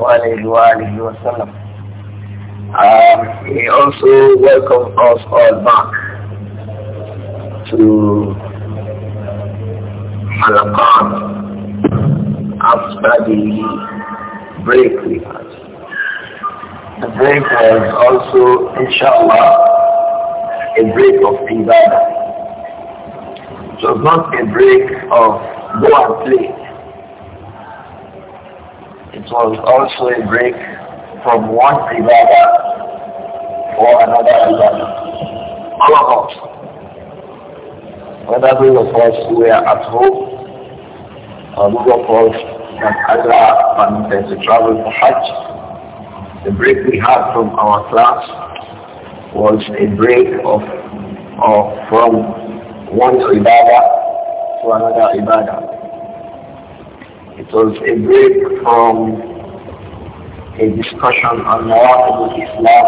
sallallahu alayhi wa sallam. Um, he also welcomes us all back to Malakam after the break we had. The break was also, inshallah, a break of ibadah. It was not a break of go and play. It was also a break from one ibadah for another ibadah. All of us, whether those of us who were at home or those of us that and permitted to travel for Hajj, the break we had from our class was a break of, of from one ibadah to another ibadah. It was a break from a discussion on what is al-Islam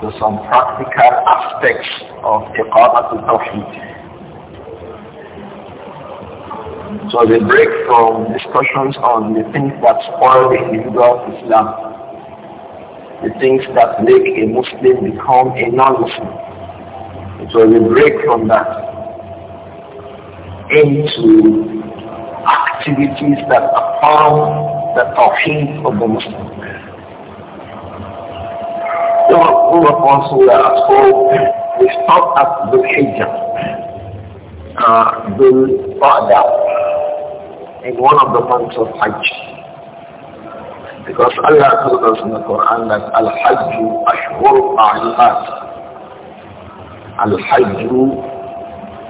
to some practical aspects of Iqamat al-Tawheed. So was a break from discussions on the things that spoil the individual Islam, the things that make a Muslim become a non-Muslim. It was a break from that into activities that affirm the tawheed of the Muslim. All of who are at home, we stop at the Hijjah, the uh, Qa'dah, in one of the months of Hajj because Allah told us in the Quran that Al-Hajj Ashhur A'lat. Al-Hajj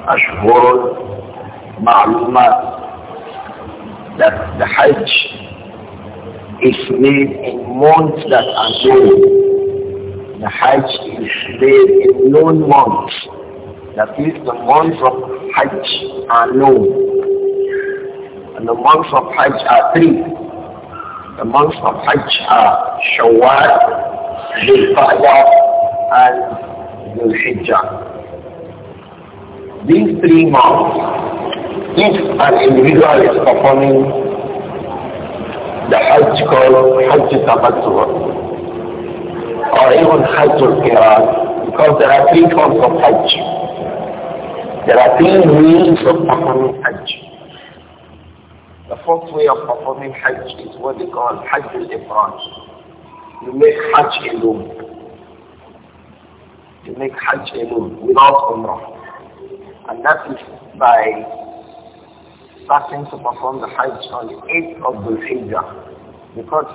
Ashhur Ma'lumat that the Hajj is made in months that are known. The Hajj is made in known months. That is, the months of Hajj are known. And the months of Hajj are three. The months of Hajj are Shawwal, dhul and dhul These three months if an individual is performing the Hajj called Hajj Tabattu or even Hajj al-Qiran because there are three forms of Hajj. There are three ways of performing Hajj. The fourth way of performing Hajj is what they call Hajj al-Ifraj. You make Hajj alone. You make Hajj alone without Umrah. And that is by starting to perform the Hajj on the 8th of the Hijjah. Because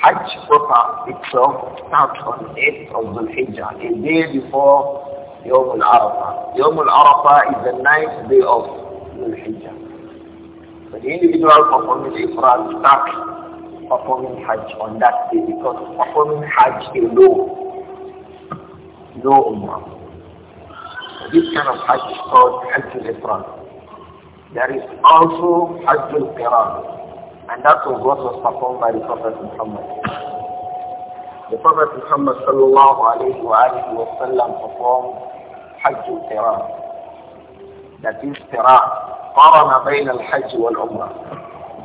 Hajj proper itself starts on the 8th of the Hijjah, a day before Yom al-Arafah. Yom al-Arafah is the ninth day of the Hijjah. So the individual performing Ifrad starts performing Hajj on that day because performing Hajj is low. No Umrah. So this kind of Hajj is called Hajj al-Ifrad. There is also Hajjul Qiran. And that was what was performed by the Prophet Muhammad. The Prophet Muhammad sallallahu alayhi wa alihi wa sallam performed Hajjul Qiran. That is Qiran. قارن Hajj and Umrah.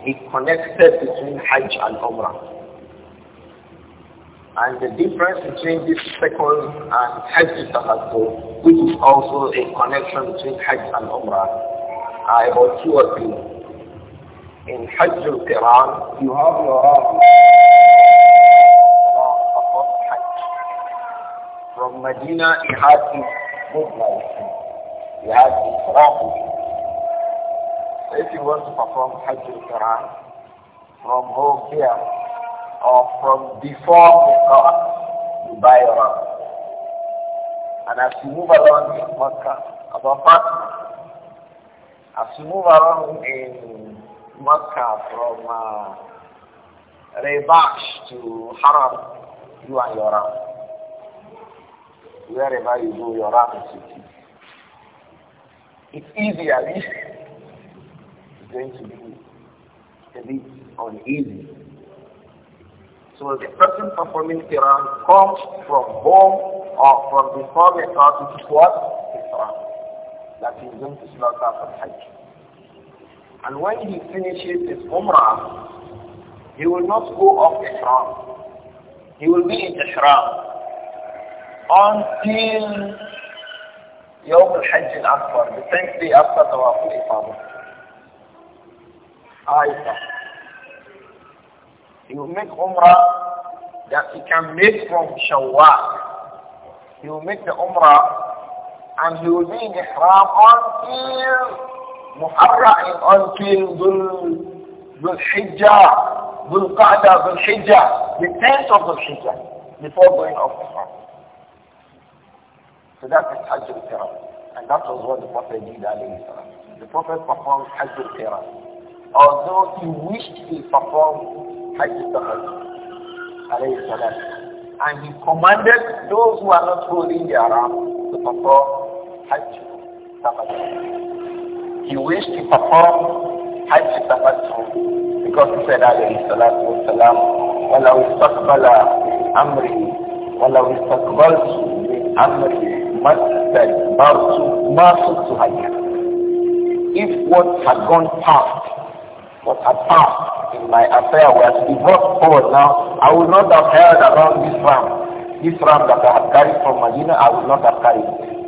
He connected between Hajj and Umrah. And the difference between this second and Hajj Tahattu, which is also a connection between Hajj and Umrah, I about two or three. In Hajj al-Qiran, you have your Hajj From Medina, he have his midnight. He have his Rahu. So if you want to perform Hajj al-Qiran from home here, or from before the Quran, you buy your And as you move along in Makkah, about that. As you move around in Mecca from uh, Rebash to Haram, you and your ram. Wherever you go, your ram is with you. It's easy, It's going to be a bit uneasy. So the person performing Quran comes from home or from the home method, which what? that he going to slaughter for Hajj. And when he finishes his Umrah, he will not go off Ihram. He will be in Ihram until Yawm al-Hajj al-Akbar, the 10th day after Tawaf al-Ifada. Aisha. He will make Umrah that he can make from Shawwal. He will make the Umrah and he will be in Ihram until Muharram, until Dhul Hijjah, Dhul Qa'dah, Dhul Hijjah, the 10th of Dhul Hijjah, before going off Ihram. So that is Hajj al-Qiram. And that was what the Prophet did, alayhi salam. The Prophet performed Hajj al-Qiram. Although he wished to perform Hajj al-Qiram, alayhi salam. And he commanded those who are not holding the Aram to perform Hajj Tamattu. He wished to perform Hajj Tamattu because he said, alayhi salatu wa salam, وَلَوْ اسْتَقْبَلَ أَمْرِي وَلَوْ اسْتَقْبَلْتُ بِأَمْرِي مَسْتَجْبَرْتُ مَا صُدْتُ هَيَّا If what had gone past, what had passed in my affair was to be brought forward now, I would not have held around this ram. This ram that I had carried from Medina, I would not have carried it.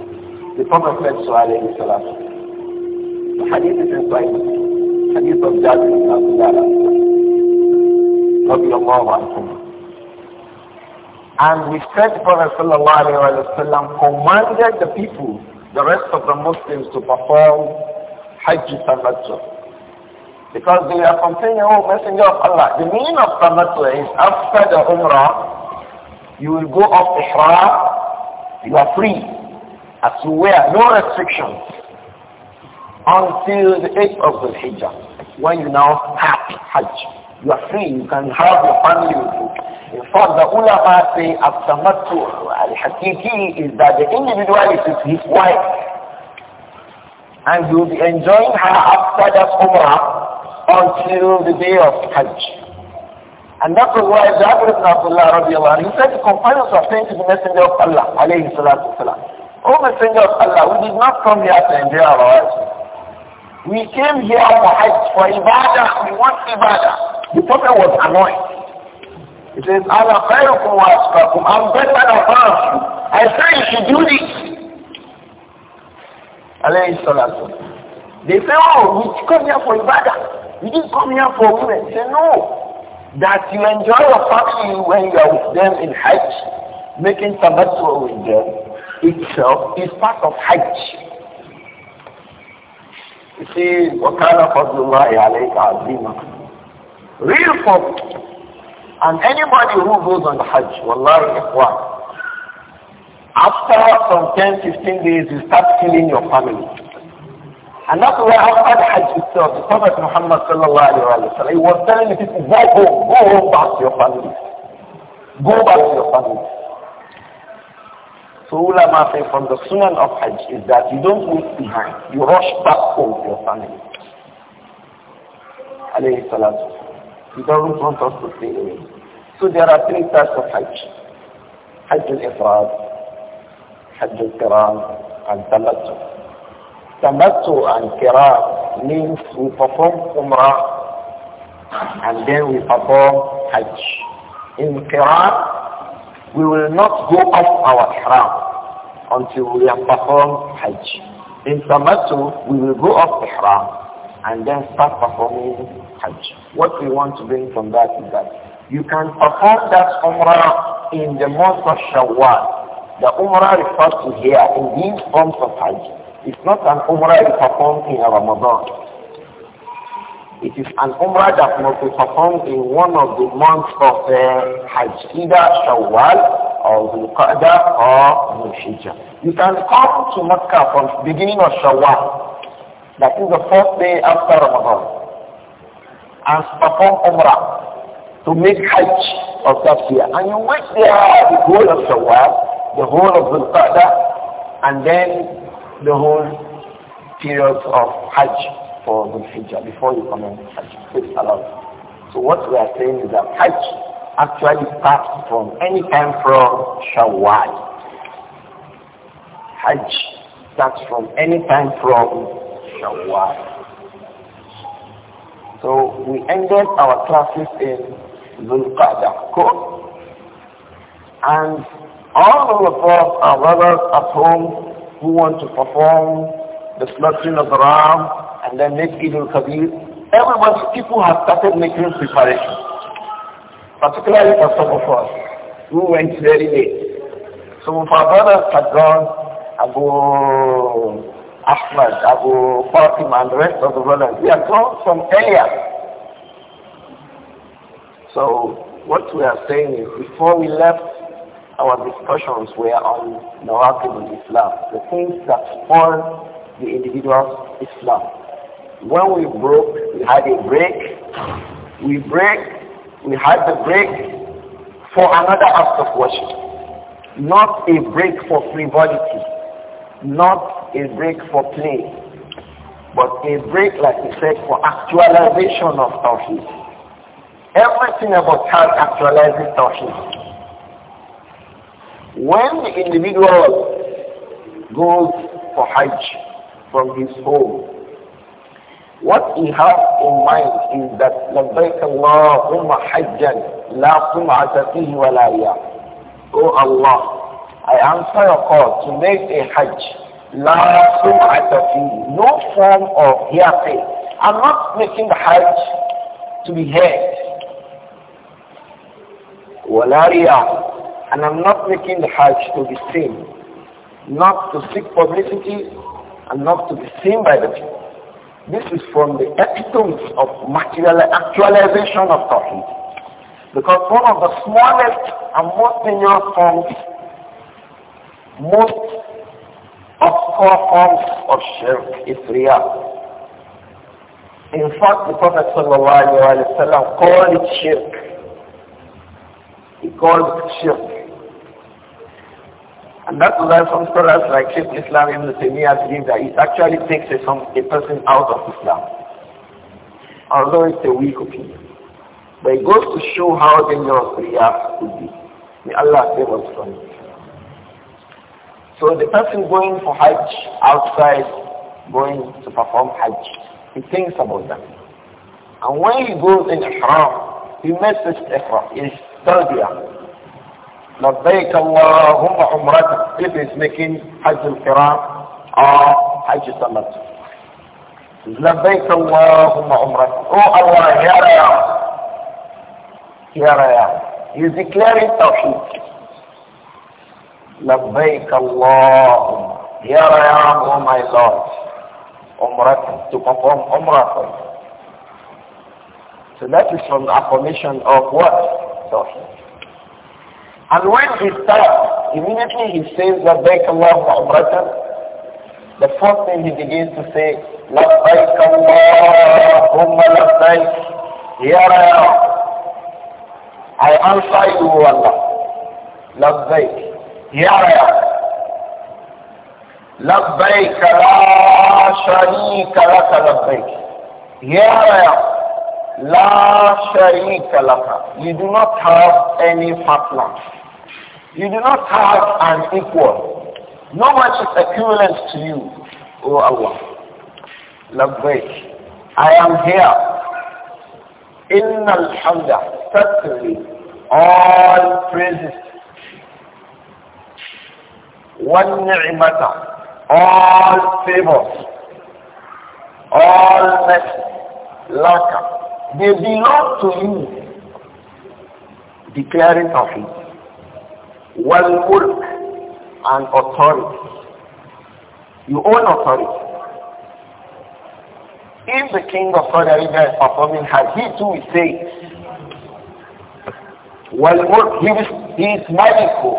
The Prophet said so alayhi The hadith is in Hadith of Jabir ibn Abdullah. رضي الله عنهما and we said the Prophet sallallahu alayhi wa sallam commanded the people, the rest of the Muslims to perform Hajj Tamattu. Because they are complaining, oh Messenger of Allah, the meaning of Tamattu is after the Umrah, you will go off Ihram, you are free as to wear, no restrictions, until the 8th of the Hijjah, when you now have Hajj. You are free, you can have your family with you. In fact, the ulama say, Abtamattu al-Hakiki is that the individual is with his wife, and he will be enjoying her after the Umrah until the day of Hajj. And that's why Jabir ibn Abdullah radiallahu anhu, he said the companions were saying to the messenger of Allah alayhi salatu O Messenger of Allah, we did not come here to enjoy our lives. We came here for Hajj, for Ibadah. We want Ibadah. The Prophet was annoyed. He says, Allah khairukum wa asfakum. I'm better than all I say you should do this. Alayhi salatu. They say, oh, we come here for Ibadah. We didn't come here for women. say, no. That you enjoy your family when you are with them in Hajj, making tabattu with them itself is part of Hajj. You see, وَكَانَ فَضْلُ اللَّهِ Real folk. And anybody who goes on the Hajj, wallahi ikhwan, after some 10, 15 days, you start killing your family. And that's why after the Hajj itself, the Prophet Muhammad sallallahu alayhi wa sallam, he was telling the people, go home, go home back to your family. Go back to your family. So ulama say from the sunan of Hajj is that you don't move behind. You rush back home to your family. Alayhi salatu. He doesn't want us to stay away. So there are three types of Hajj. Hajj al-Ifrad, Hajj al-Qiran, and Tamattu. Tamattu and Qiran means we perform Umrah and then we perform Hajj. In Qiran, we will not go off our ihram until we have performed Hajj. In Tamattu, we will go off Ihram and then start performing Hajj. What we want to bring from that is that you can perform that Umrah in the month of Shawwal. The Umrah refers to here in these forms of Hajj. It's not an Umrah you perform in Ramadan. It is an umrah that must be performed in one of the months of uh, Hajj, either Shawwal or Zulqa'dah or Zulhijjah. You can come to Mecca from beginning of Shawwal, that is the first day after Ramadan, and perform Umrah to make Hajj of that year. And you wait there the whole of Shawwal, the whole of Zulqa'dah, and then the whole period of Hajj for Zulhijjah before you commence Hajj. So what we are saying is that Hajj actually starts from any time from Shawwal. Hajj starts from any time from Shawwal. So we ended our classes in Dhul-Qa'dah. And all of us, our brothers at home who want to perform the slaughtering of the ram and then make Eid al-Kabir, everybody, people have started making preparations particularly for some of us who went very late. Some of our brothers had gone, Abu Ahmad, Abu Fatim and the rest of the brothers. We had gone from earlier. So what we are saying is before we left, our discussions were on and islam the things that spoil the individual's Islam. When we broke, we had a break, we break we had the break for another act of worship. Not a break for frivolity, not a break for play, but a break, like we said, for actualization of tawhid. Everything about time actualizes tawhid. When the individual goes for Hajj from his home, what he has in mind is that لبيك اللهم حجا لا سمعة فيه ولا رياء. Oh Allah, I answer your call to make a Hajj. لا سمعة فيه. No form of hearsay. I'm not making the Hajj to be heard. ولا رياء. And I'm not making the Hajj to be seen. Not to seek publicity and not to be seen by the people. This is from the epitome of material actualization of Tawheed. Because one of the smallest and most dangerous forms, most obscure forms of shirk is Riyah. In fact, the Prophet ﷺ called it shirk. He called it shirk. And that's why some scholars like Sheikh Islam Ibn Taymiyyah believe that it actually takes a, some, a person out of Islam. Although it's a weak opinion. But it goes to show how dangerous prayer could be. May Allah save us from it. So the person going for Hajj outside, going to perform Hajj, he thinks about that. And when he goes in Ihram, he misses Ihram, in Tarbiyah. لبيك اللهم عمرتك باسمك حج القران اه حج صلت لبيك اللهم عمرتك او الله يا ريا يا ريا you التوحيد لبيك اللهم يا ريا او ماي لورد عمرتك تقوم عمرتك so that is from the affirmation of what? Tawheed. And when he starts, immediately he says, لَبَّيْكَ اللَّهُمَّ عُمْرَةً The first thing he begins to say, لَبَّيْكَ اللَّهُمَّ لَبَّيْكَ Here I am. I answer you, O Allah. لَبَّيْكَ Here I am. لَبَّيْكَ لَا شَرِيكَ لَكَ لَبَّيْكَ Here I am. La sharika laka. You do not have any partner. You do not have an equal. No one is equivalent to you, O oh Allah. break, I am here. Inna alhamda. Certainly, all praises. One ni'mata. All favors. All mercy. Laka. They belong to you. Declaring of it wal work and authority. You own authority. If the king of Saudi Arabia is performing Hajj, he too will say wal work he, is, he is Maliku,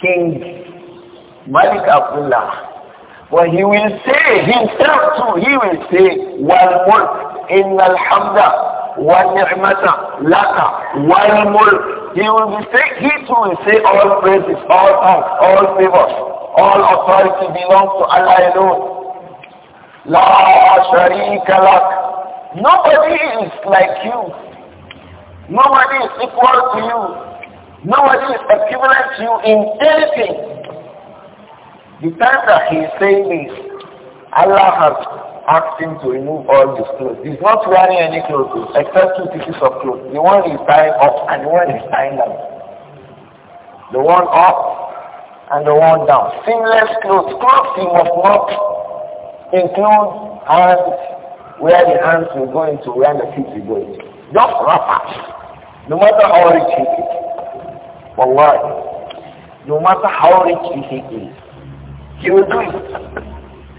King Malik Abdullah. But he will say himself too, he will say wal work, inna alhamda, wa ni'mata, laka, wal mulk. He will be saying he too will say all praises, all thanks, all favors, all authority belongs to Allah alone. La sharika lak. Nobody is like you. Nobody is equal to you. Nobody is equivalent to you in anything. The time that he is saying this, Allah has asked him to remove all his clothes. He's not wearing any clothes except two pieces of clothes. The one is tying up and the one is tying down. The one up and the one down. Seamless clothes. Clothes must not include hands where the hands will go into, where the feet will go into. Just wrappers. No matter how rich it is. Wallahi. No matter how rich he is, he will do it.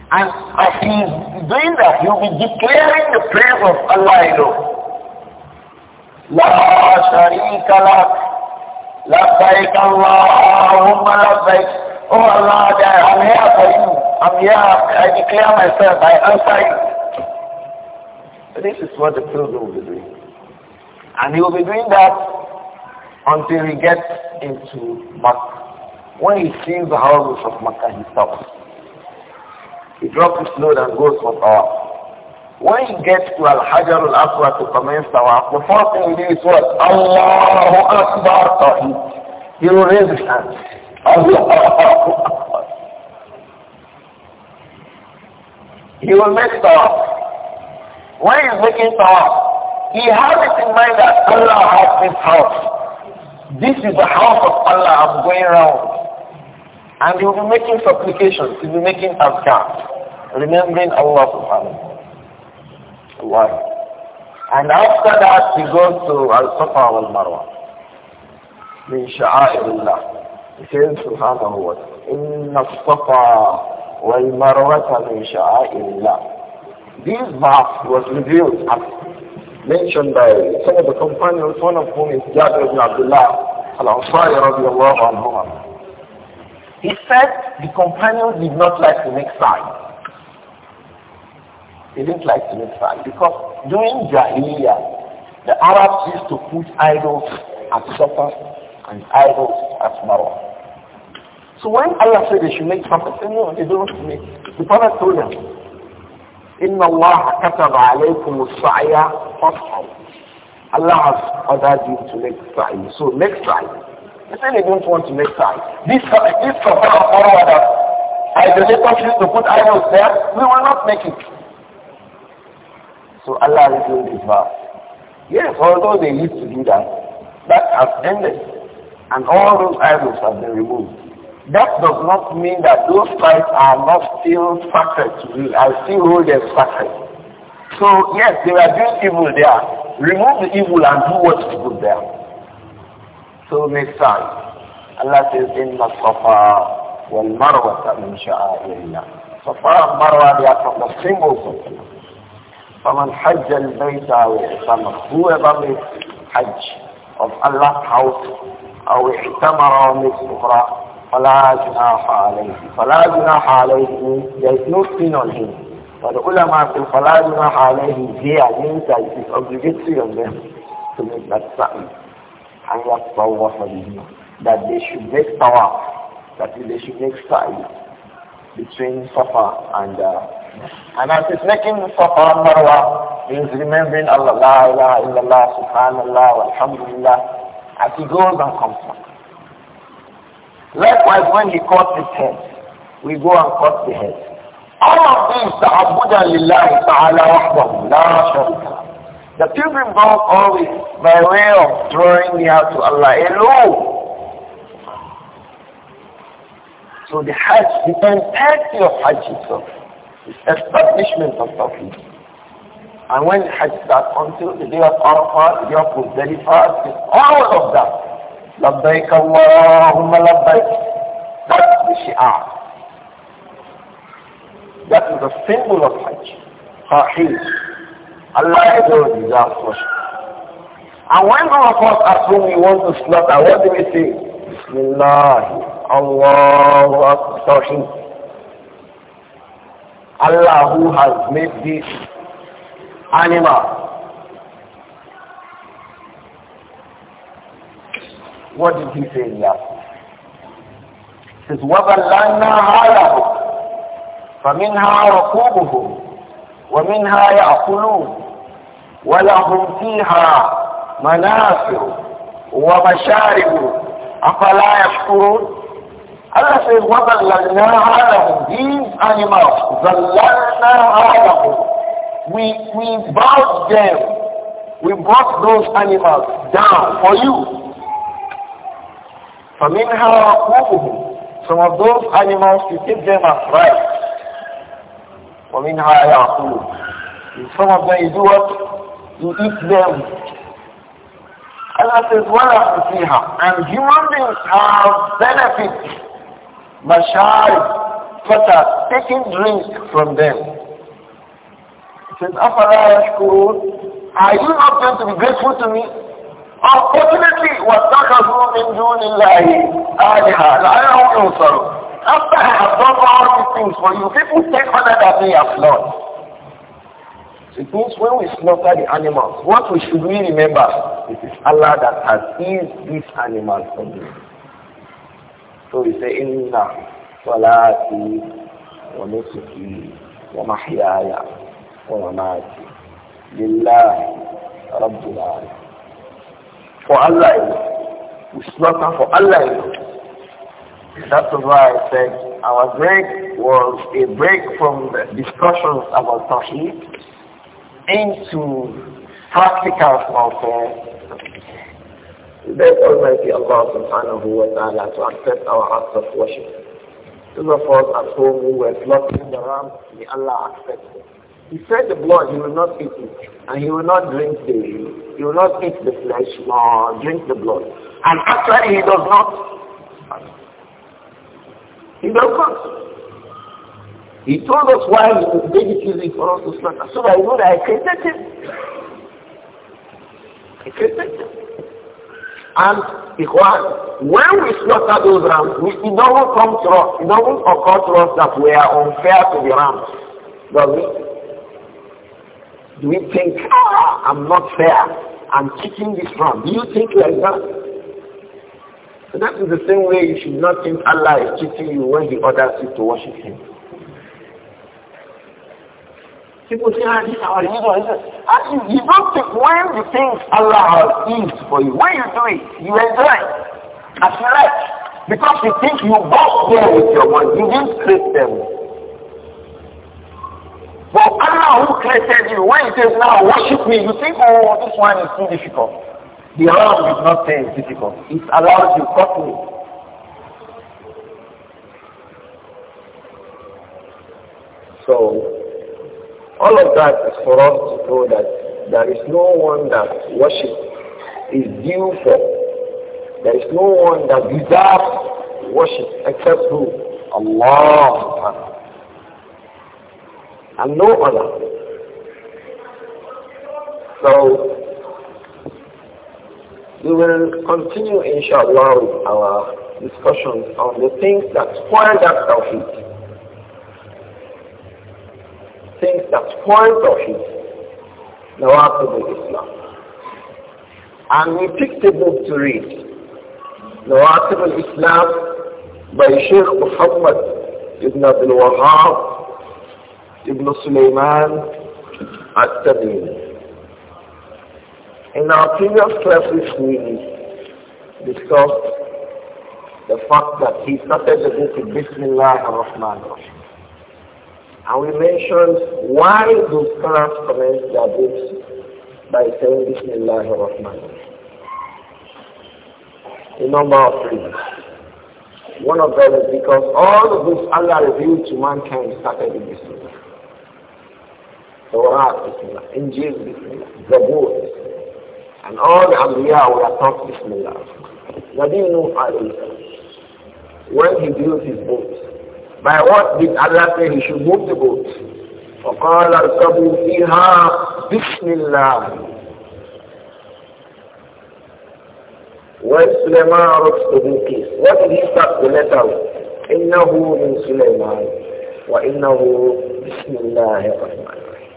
And as he is doing that, he will be declaring the praise of Allah alone. La sharika la لبيك اللهم لبيك Oh Allah, I'm here for you. I'm here. I declare myself. I answer you. This is what the pilgrim will be doing. And he will be doing that until he gets into Makkah. When he sees the houses of Makkah, he stops. He drops his load and goes for power. When you get to Al-Hajar al-Aswad to commence tawaf, the first thing you do is what? Allahu Akbar Tawheed. You raise his hands. Allahu Akbar. He will make tawaf. When he's making tawaf, he has it in mind that Allah has this house. This is the house of Allah I'm going around. And he will be making supplications, he will be making azkar, remembering Allah subhanahu and after that, he goes to Al-Safa wal-Marwa. Min sha'a'illah. He says, subhanahu wa ta'ala, Inna al-Safa wal-Marwa min sha'a'illah. This verse was revealed as mentioned by some of the companions, one of whom is Jabir ibn Abdullah al-Ansari radiallahu anhu. He said the companions did not like to make signs. He didn't like to make fun because during Jahiliyyah, the Arabs used to put idols at supper and idols at Marwa. So when Allah said they should make supper, they no, they don't make. The Prophet told them, إِنَّ اللَّهَ كَتَبَ عَلَيْكُمُ السَّعْيَ فَصْحَوْا Allah has ordered you to make sa'i. So make sa'i. They said they don't want to make sa'i. This, this Prophet of Allah that idolaters used to put idols there, we will not make it. So Allah is doing his vow. Yes, although they used to do that, that has ended. And all those idols have been removed. That does not mean that those sites are not still sacred to me. I still hold them sacred. So yes, they are doing evil there. Remove the evil and do what is good there. So next time, Allah says, in الصَّفَا وَالْمَرْوَةَ مِنْ شَعَائِرِ اللَّهِ Safa and Marwa, they are from the symbols of Allah. فمن حج البيت أو اعتمر هو بغي حج of Allah's house أو اعتمر من أخرى فلا جناح عليه فلا جناح عليه there is no sin on him but في فلا جناح عليه here means that it is obligatory on them to make that and that they should make tawaf that they should make sa'i between Safa and uh, And as he's making Safa and Marwa, he is remembering Allah, la ilaha illallah, subhanallah, alhamdulillah, as he goes and comes back. Likewise, when he cuts his head, we go and cut the head. All of these, ta'abuda lillahi ta'ala wahdahu, la sharika. The pilgrim goes always by way of drawing me out to Allah alone. So the Hajj, the entirety of Hajj itself, establishment of Tawheed. And when Hajj starts until the day of Arafah, the day of Muzdalifah, it's all of that. لبيك اللهم لبيك. That's the Shia. That is the symbol of Hajj. Tawheed. Allah is deserves worship. And when all of us assume we want to slaughter, what do we say? Bismillah, Allah, Tawheed. Allah who has made this animal. What did he say in Yasin? He says, وَبَلَّنَّا عَلَهُمْ فَمِنْهَا رَكُوبُهُمْ وَمِنْهَا يَأْكُلُونَ وَلَهُمْ فِيهَا منافع ومشارب أفلا يشكرون Allah says, وَذَلَّلْنَاهَا لَهُمْ These animals, ذَلَّلْنَاهَا لَهُمْ We, we brought them, we brought those animals down for you. فَمِنْهَا رَقُوبُهُمْ Some of those animals, you keep them as right. وَمِنْهَا يَعْقُوبُ Some of them, you do what? You eat them. Allah says, وَلَا فِيهَا And human beings have benefits Mashar Fata, taking drink from them. He says, Afala Yashkurun, are you not going to be grateful to me? Unfortunately, وَاتَّخَذُوا مِن I don't know, sir. After I have done all these things for you, people take other than me have lost. It means when we slaughter the animals, what we should we remember? It is Allah that has eased these animals from you. So we say, Inna salati wa nusuki wa mahyaya wa mamati lillahi rabbil alamin. For Allah alone. We for Allah That's why I said our break was a break from discussions about Tawheed into practical warfare we beg Almighty Allah subhanahu wa ta'ala to accept our acts of worship. Those of us at home who were slaughtering the ram, may Allah accept it. He said the blood, he will not eat it, and he will not drink the, he will not eat the flesh nor drink the blood. And actually he does not. He does not. He told us why he was easy for us to slaughter, so that I know that I created him. I created him. And Ikhwan, when we slaughter those rams, we, it doesn't come to us, it doesn't occur to us that we are unfair to the rams. Does it? Do we think, ah, I'm not fair, I'm kicking this ram. Do you think like that? So that is the same way you should not think Allah is cheating you when the others you to worship him. People you, ah, you don't think when the things Allah has for you, when you do it, you enjoy it as you like. Because you think you bought them with your money, you didn't create them. But Allah who created you, when he says now worship me, you think, oh, this one is too difficult. The Allah is not say it's difficult. It allows you properly. So all of that is for us to know that there is no one that worship is due for. There is no one that deserves worship except who? Allah. And no other. So, we will continue inshallah with our discussions on the things that spoil that tawfiq. Things that point of his Nawaqib islam And we picked a book to read, Nawaqib islam by Sheikh Muhammad ibn Abdul Wahab ibn Sulaiman al-Tabini. In our previous classes, we discussed the fact that he started the book with Bismillah ar-Rahman ar-Rahim. And we mentioned why do scholars commence their books by saying Bismillah ar-Rahman. A number of reasons. One of them is because all of this Allah revealed to mankind started in book. Torah Bismillah, Injil Bismillah, Zabur Bismillah. And all the Anbiya were taught Bismillah. Nabi Nuh alayhi when he built his boat, by what did Allah say he should move the boat? فَقَالَ ارْكَبُوا فِيهَا بِسْمِ اللَّهِ وَإِسْلَمَا رَسْتُهُ كِيسِ What did he start the letter with? إِنَّهُ مِنْ سُلَيْمَانِ وَإِنَّهُ بِسْمِ اللَّهِ الرَّحْمَنِ الرَّحِيمِ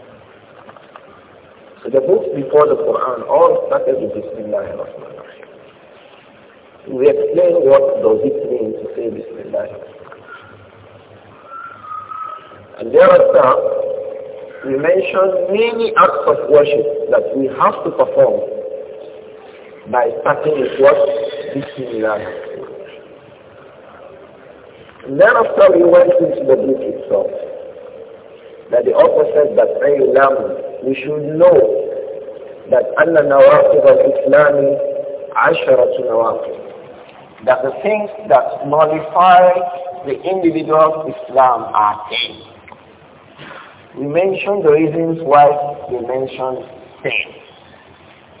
So the books before the Quran all started with Bismillah ar-Rahman ar-Rahim. We explain what does it mean to say Bismillah and thereafter, we mentioned many acts of worship that we have to perform by starting with what? Bismillah. And then after we went into the book itself. That the author said that, Lam, we should know that Allah Nawakib al-Islami Asharatu Nawakib that the things that modify the individual Islam are ten. We mentioned the reasons why we mentioned ten.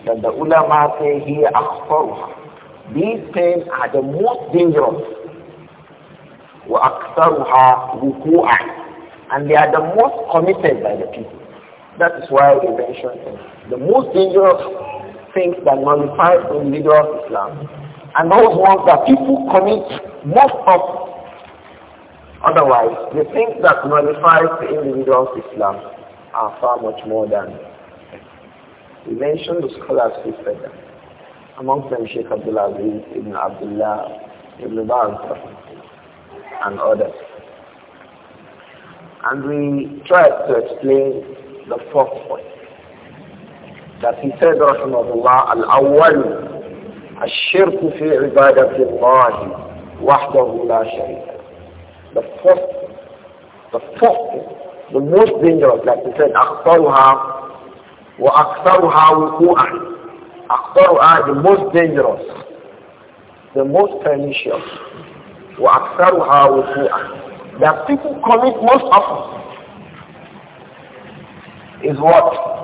That the ulama say here are These ten are the most dangerous. وَأَكْثَرُهَا وُقُوعًا And they are the most committed by the people. That is why we mentioned The most dangerous things that nullify individual Islam and those ones that people commit most of Otherwise, the things that nullifies the individual's Islam are far much more than we mentioned the scholars who said that. Amongst them Sheikh Abdullah Aziz, Ibn Abdullah, Ibn Barakah, and others. And we tried to explain the fourth point. That he said, Rahimahullah, Al-Awwal, الشرك في عبادة الله وحده la شريك first, the first, the most dangerous, like we said, أخطرها وأكثرها وقوعا أخطرها the most dangerous, the most pernicious وأكثرها وقوعا that people commit most often is what?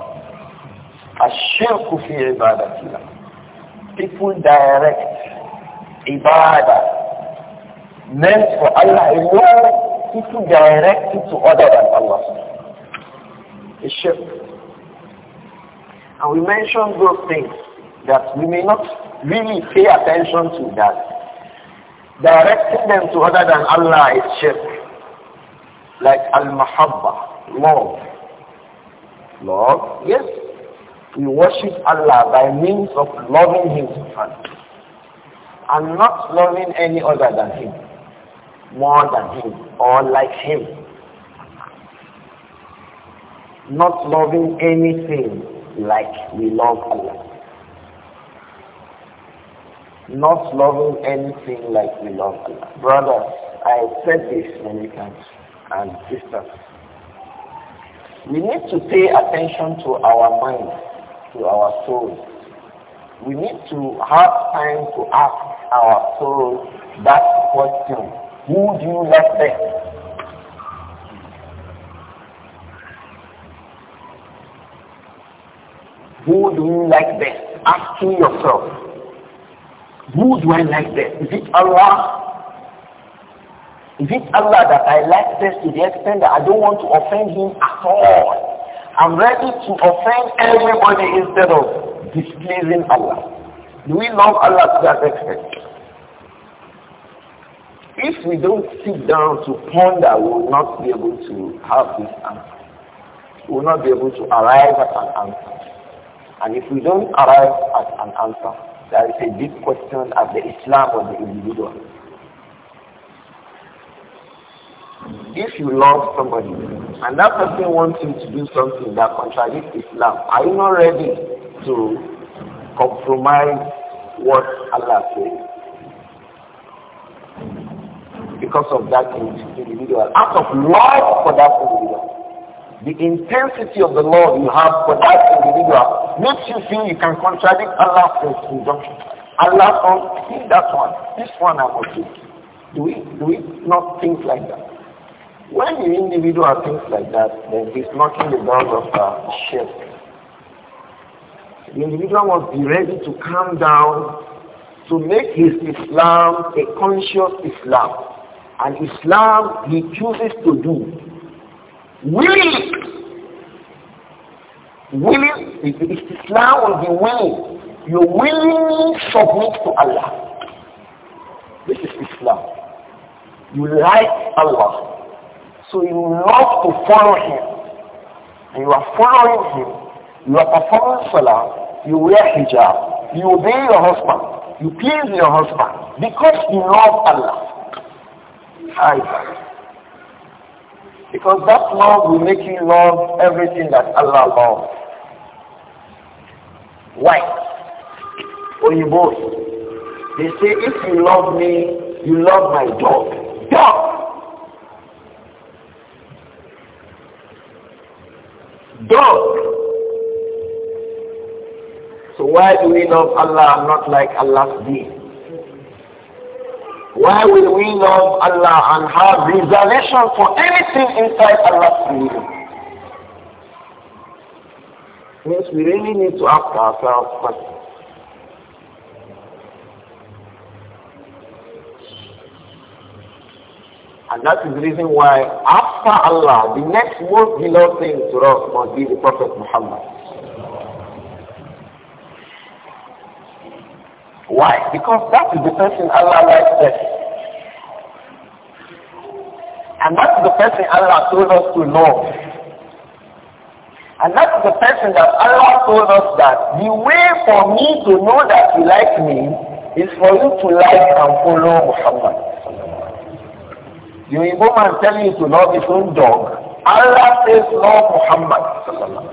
الشرك في عبادة people direct ibadah meant for Allah alone, people direct to other than Allah. It's shirk. And we mentioned those things that we may not really pay attention to that. Directing them to other than Allah is shirk. Like al-mahabba, love. Love, yes. We worship Allah by means of loving Him and not loving any other than Him more than him or like him. Not loving anything like we love Allah. Not loving anything like we love Allah. Brothers, I said this many times and sisters. We need to pay attention to our mind, to our soul. We need to have time to ask our soul that question who do you respect? Who do you like best? Asking yourself, who do I like best? Is it Allah? Is it Allah that I like best to the extent that I don't want to offend him at all? I'm ready to offend everybody instead of displeasing Allah. Do we love Allah to that extent? If we don't sit down to ponder, we will not be able to have this answer. We will not be able to arrive at an answer. And if we don't arrive at an answer, there is a big question of the Islam of the individual. If you love somebody and that person wants you to do something that contradicts Islam, are you not ready to compromise what Allah says? because of that individual. Out of love for that individual. The intensity of the love you have for that individual makes you feel you can contradict Allah's injunction. Allah on see that one, this one I will Do we do we not think like that? When the individual thinks like that, then he's knocking the doors of the shirk. The individual must be ready to calm down to make his Islam a conscious Islam. And Islam, he chooses to do. Willing. Willing, Islam will be willing. You willingly submit to Allah. This is Islam. You like Allah. So you love to follow him. And you are following him. You are performing salah. You wear hijab. You obey your husband. You please your husband. Because you love Allah. Either, Because that love will make you love everything that Allah loves. Why? When you both, they say, if you love me, you love my dog. Dog! Dog! So why do we love Allah not like Allah's deed? Why will we love Allah and have reservation for anything inside Allah's kingdom? Yes, we really need to ask ourselves questions. And that is the reason why after Allah, the next most beloved thing to us must be the Prophet Muhammad. Why? Because that is the person Allah likes best. And that's the person Allah told us to know. And that's the person that Allah told us that the way for me to know that you like me is for you to like and follow Muhammad. You woman man telling you to love his own dog, Allah says love Muhammad.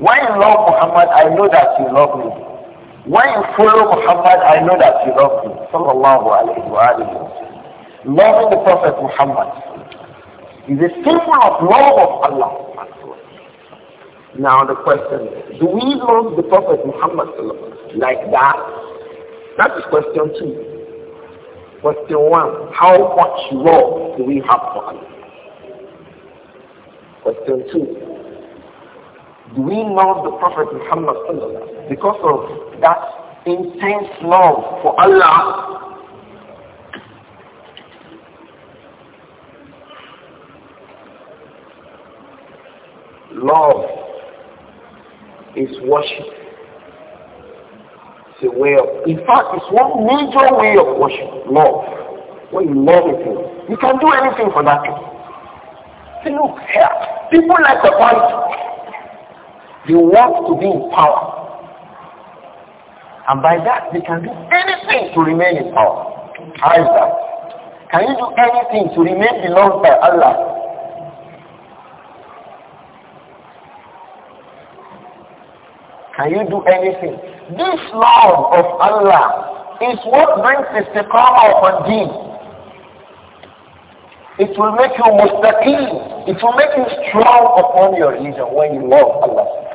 When you love Muhammad, I know that you love me. When you follow Muhammad, I know that you love him. Sallallahu alayhi wa alayhi Loving the Prophet Muhammad is a symbol of love of Allah. Now the question, do we love the Prophet Muhammad like that? That is question two. Question one, how much love do we have for Allah? Question two, do we know the Prophet Muhammad because of that intense love for Allah? Love is worship. It's a way of, in fact, it's one major way of worship, love. When you love it. you can do anything for that thing. See, look, here, people like the point they want to be in power. And by that, they can do anything to remain in power. How is that? Can you do anything to remain beloved by Allah? Can you do anything? This love of Allah is what brings the istiqamah upon deen. It will make you keen. It will make you strong upon your religion when you love Allah.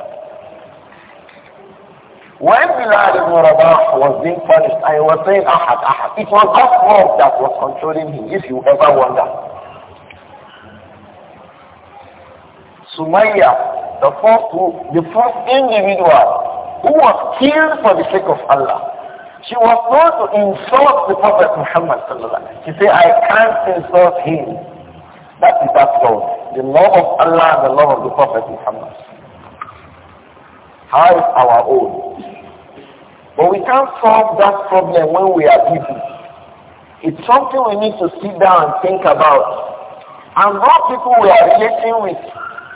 When Bilal ibn Rabah was being punished, I was saying Ahad, Ahad. It was that love that was controlling him, if you ever wonder. Sumaya, the first, the first individual who was killed for the sake of Allah. She was told to insult the Prophet Muhammad She said, I can't insult him. That is that law. The law of Allah and the law of the Prophet Muhammad. How is our own? But we can't solve that problem when we are busy. It's something we need to sit down and think about. And those people we are relating with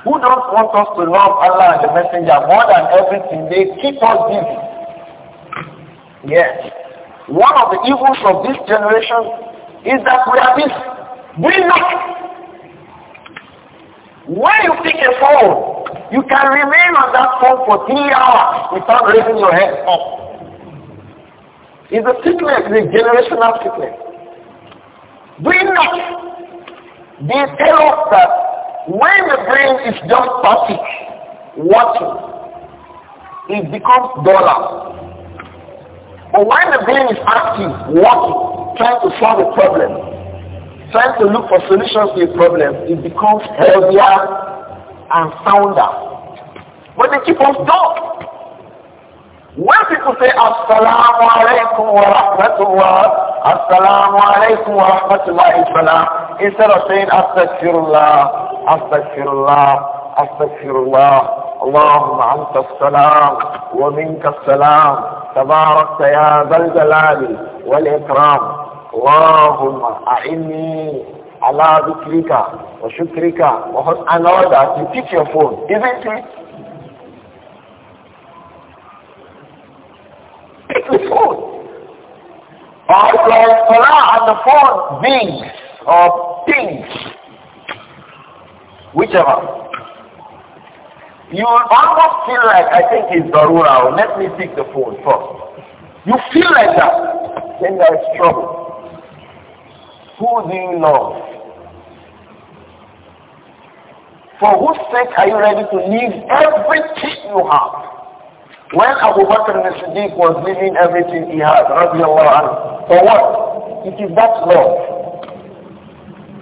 who don't want us to love Allah and the Messenger more than everything, they keep us busy. Yes. One of the evils of this generation is that we are busy. We not. When you pick a phone, you can remain on that phone for three hours without raising your head up. Is a sickness, a generational sickness. Bring that. They tell us that when the brain is just passive, watching, it becomes duller. But when the brain is active, working, trying to solve a problem, trying to look for solutions to a problem, it becomes healthier and sounder. But they keep us dull. When people say Assalamu alaikum wa rahmatullah, Assalamu alaikum wa Rahmatullah salam, instead of saying Astaghfirullah, Astaghfirullah, Astaghfirullah, Allahumma anta salam wa minka salam, تبارك يا ذا الجلال والإكرام اللهم أعني على ذكرك وشكرك وحسن أنا that you teach your phone isn't it with food. Or their Torah and the four beings or things, whichever. You almost feel like, I think it's Darura, let me pick the phone first. You feel like that, then there is trouble. Who do you love? For whose sake are you ready to leave everything you have? When Abu Bakr al-Siddiq was leaving everything he had, radiallahu anhu, for what? It is that love.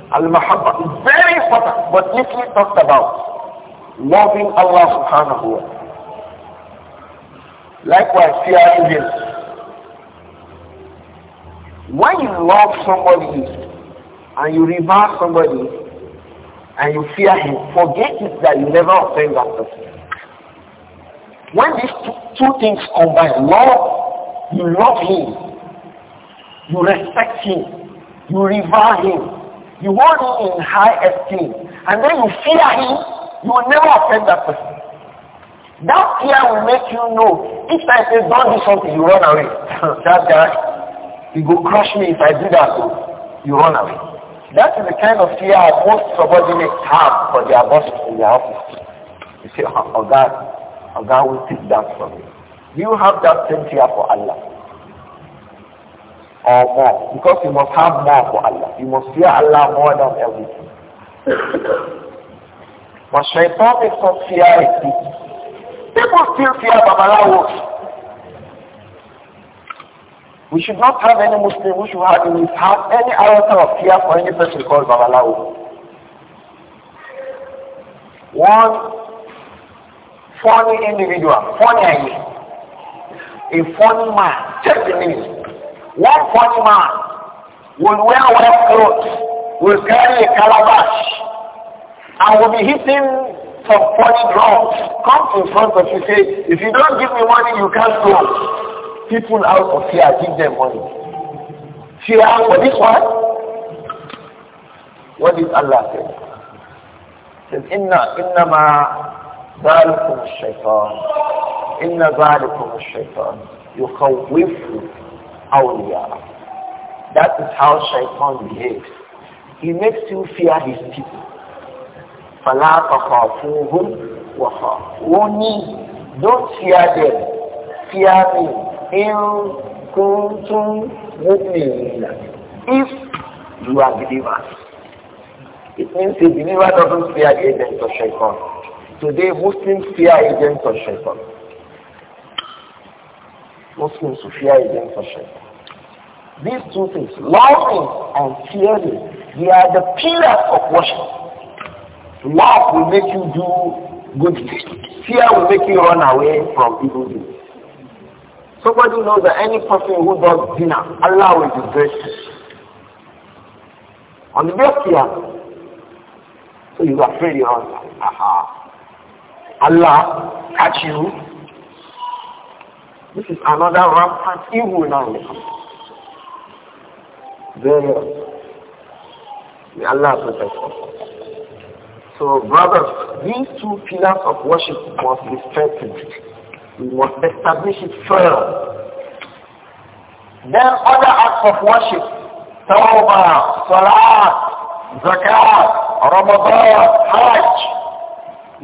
Al-Mahabba is very important, but little talked about. Loving Allah subhanahu wa ta'ala. Likewise, fear angels. When you love somebody and you revere somebody and you fear him, forget it that you never offend that person. When these two things combine, love, you love him, you respect him, you revere him, you hold him in high esteem, and then you fear him, you will never offend that person. That fear will make you know, if I say don't do something, you run away. that guy, he will crush me if I do that, you run away. That is the kind of fear most subordinates have for their bosses in their office. You say, oh, oh God, and God will take that from you. You have that same fear for Allah. Or more. Because you must have more for Allah. You must fear Allah more than everything. but shaitan is not fear? people. People still fear Babalawo. We should not have any Muslim who should have, in any iota of fear for any person called Babalawo. One funny individual, funny I A funny man, check the news. One funny man will wear white clothes, will carry a calabash, and will be hitting some funny drums. Come to front of you, say, if you don't give me money, you can't go. People out of here. give them money. See how for this one? What did Allah say? He says, Inna, Inna Ma. ذلكم الشيطان إن ذلكم الشيطان يخوف أولياء That is how shaitan behaves. He makes you fear his people. فَلَا تَخَافُوهُمْ وَخَافُونِي Don't fear them. Fear me. إِن كُنْتُمْ مُؤْمِنِينَ If you are believers. It means the believer doesn't fear the agent of shaitan. Today, Muslims fear agents of shaitan. Muslims fear agents of shaitan. These two things, loving and fearing, they are the pillars of worship. Love will make you do good things. Fear will make you run away from evil deeds. Somebody knows that any person who does dinner, Allah will disgrace him. On the day of fear, so you're afraid you're on. Aha. Allah catch you. This is another rampant evil now. Then, May Allah protect us. So brothers, these two pillars of worship must be strengthened. We must establish it firm. Then other acts of worship, tawbah, salat, zakat, Ramadan, Hajj,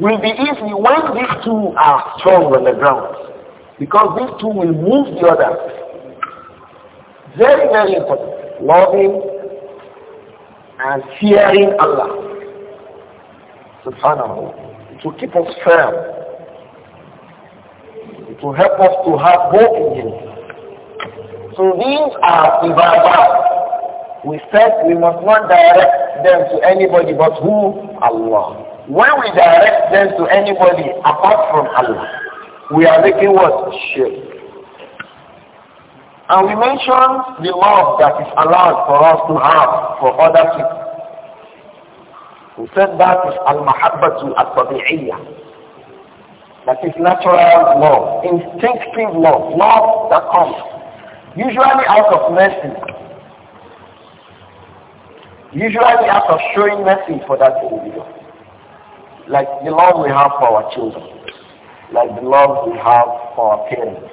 will be easy when these two are strong on the ground. Because these two will move the other. Very, very important. Loving and fearing Allah. Subhanahu. It will keep us firm. It will help us to have hope in Him. So these are ibadah. We said we must not direct them to anybody but who? Allah. When we direct them to anybody apart from Allah, we are making what? Shirk. And we mentioned the love that is allowed for us to have for other people. We said that is al-mahabbatu al-tabi'iyya. That is natural love, instinctive love, love that comes usually out of mercy. Usually out of showing mercy for that individual like the love we have for our children, like the love we have for our parents,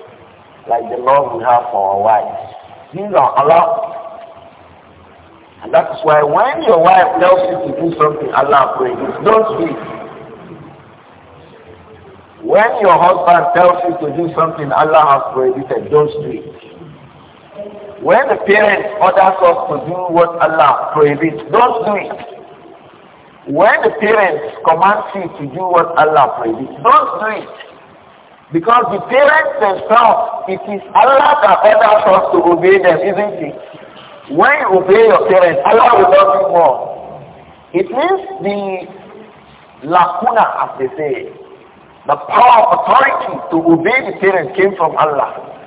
like the love we have for our wives. These are allowed. And that is why when your wife tells you to do something, Allah prays, don't do it. When your husband tells you to do something Allah has prohibited, don't do it. When the parents orders us to do what Allah prohibits, don't do it. When the parents command you to do what Allah prohibits, don't do it. Because the parents themselves, it is Allah that orders us to obey them, isn't it? When you obey your parents, Allah will love you more. It means the lacuna, as they say, the power of authority to obey the parents came from Allah.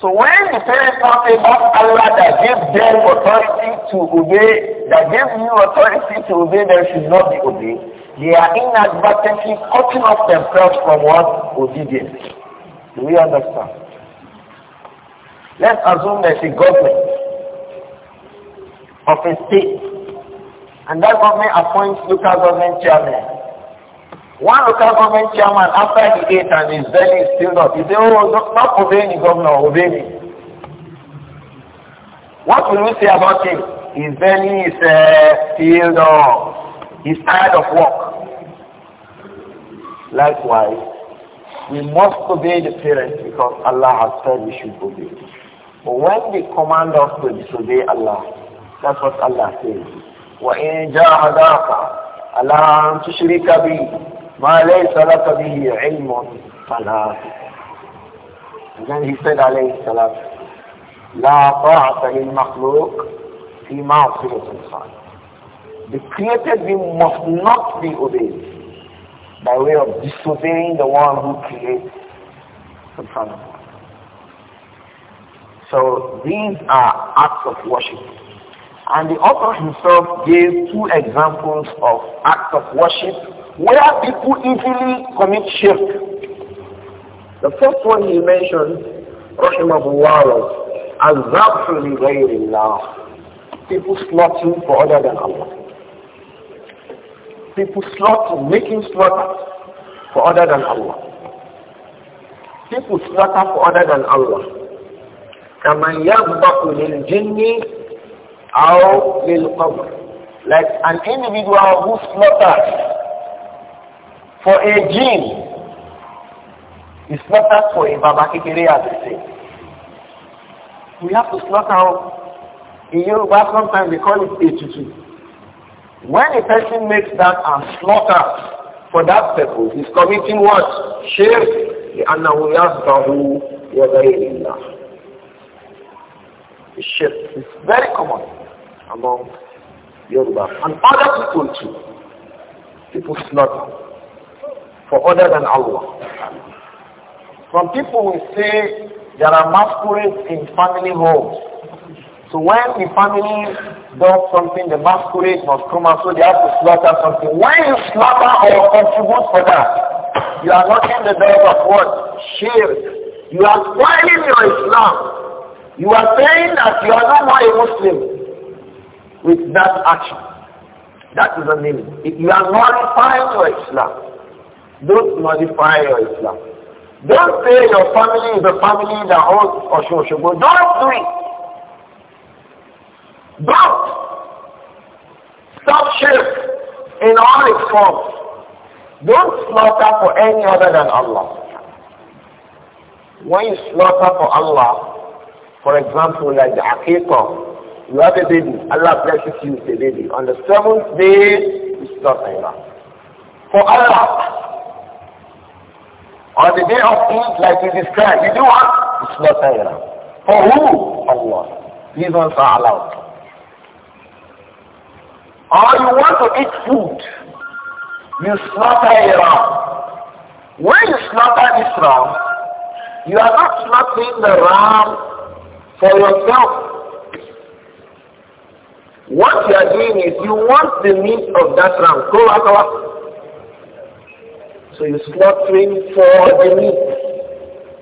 So when the parents talk about Allah that give them authority to obey, that give you authority to obey, they should not be obeyed. They are inadvertently cutting off themselves from what? Obedience. Do we understand? Let's assume there's a government of a state and that government appoints local government chairman one local government chairman, after he ate and his belly is still not, he said, oh, stop obeying the governor, obey me. What will we say about him? His belly is uh, filled up. Uh, he's tired of work. Likewise, we must obey the parents because Allah has said we should obey. But when they command us to disobey Allah, that's what Allah says. وَإِن جَاهَدَاكَ أَلَا تُشْرِكَ بِي ما ليس لك به علم فلا Then he said عليه السلام لا طاعة للمخلوق في معصية الخالق The created being must not be obeyed by way of disobeying the one who creates the planet. So these are acts of worship. And the author himself gave two examples of acts of worship where people easily commit shirk. The first one he mentioned, rahimahullah, was azabtu li ghayrillah. People slaughtering for other than Allah. People slaughtering, making slaughter for other than Allah. People slaughter for other than Allah. كَمَنْ يَغْبَقُ لِلْجِنِّ أَوْ لِلْقَبْرِ Like an individual who slaughters for a gene, it's not that for a Baba Kikere as they say. We have to slaughter out. In Yoruba, sometimes they call it etutu. When a person makes that and slaughters for that purpose, he's committing what? Shirk. لأنه يصدر وغير الله. Shirk is very common among Yoruba and other people too. People slaughter for other than Allah. Some people will say there are masquerades in family homes. So when the family does something, the masquerade must come out, so they have to slaughter something. When you slaughter or contribute for that, you are knocking the name of what? Shirk. You are spoiling your Islam. You are saying that you are no more a Muslim with that action. That is the meaning. You are nullifying your Islam. Don't modify your Islam. Don't say your family is a family that holds Oshoshogo. Don't do it. Don't. Stop shirk in all its forms. Don't slaughter for any other than Allah. When you slaughter for Allah, for example, like the Aqiqah, you have a baby, Allah blesses you with a baby. On the seventh day, you slaughter For Allah, on the day of Eid, like we described, you do what? You slaughter your For who? Allah. These ones are allowed. Or you want to eat food, you slaughter a ram. When you slaughter this ram, you are not slaughtering the ram for yourself. What you are doing is you want the meat of that ram. Go, so you slaughtering for the meat.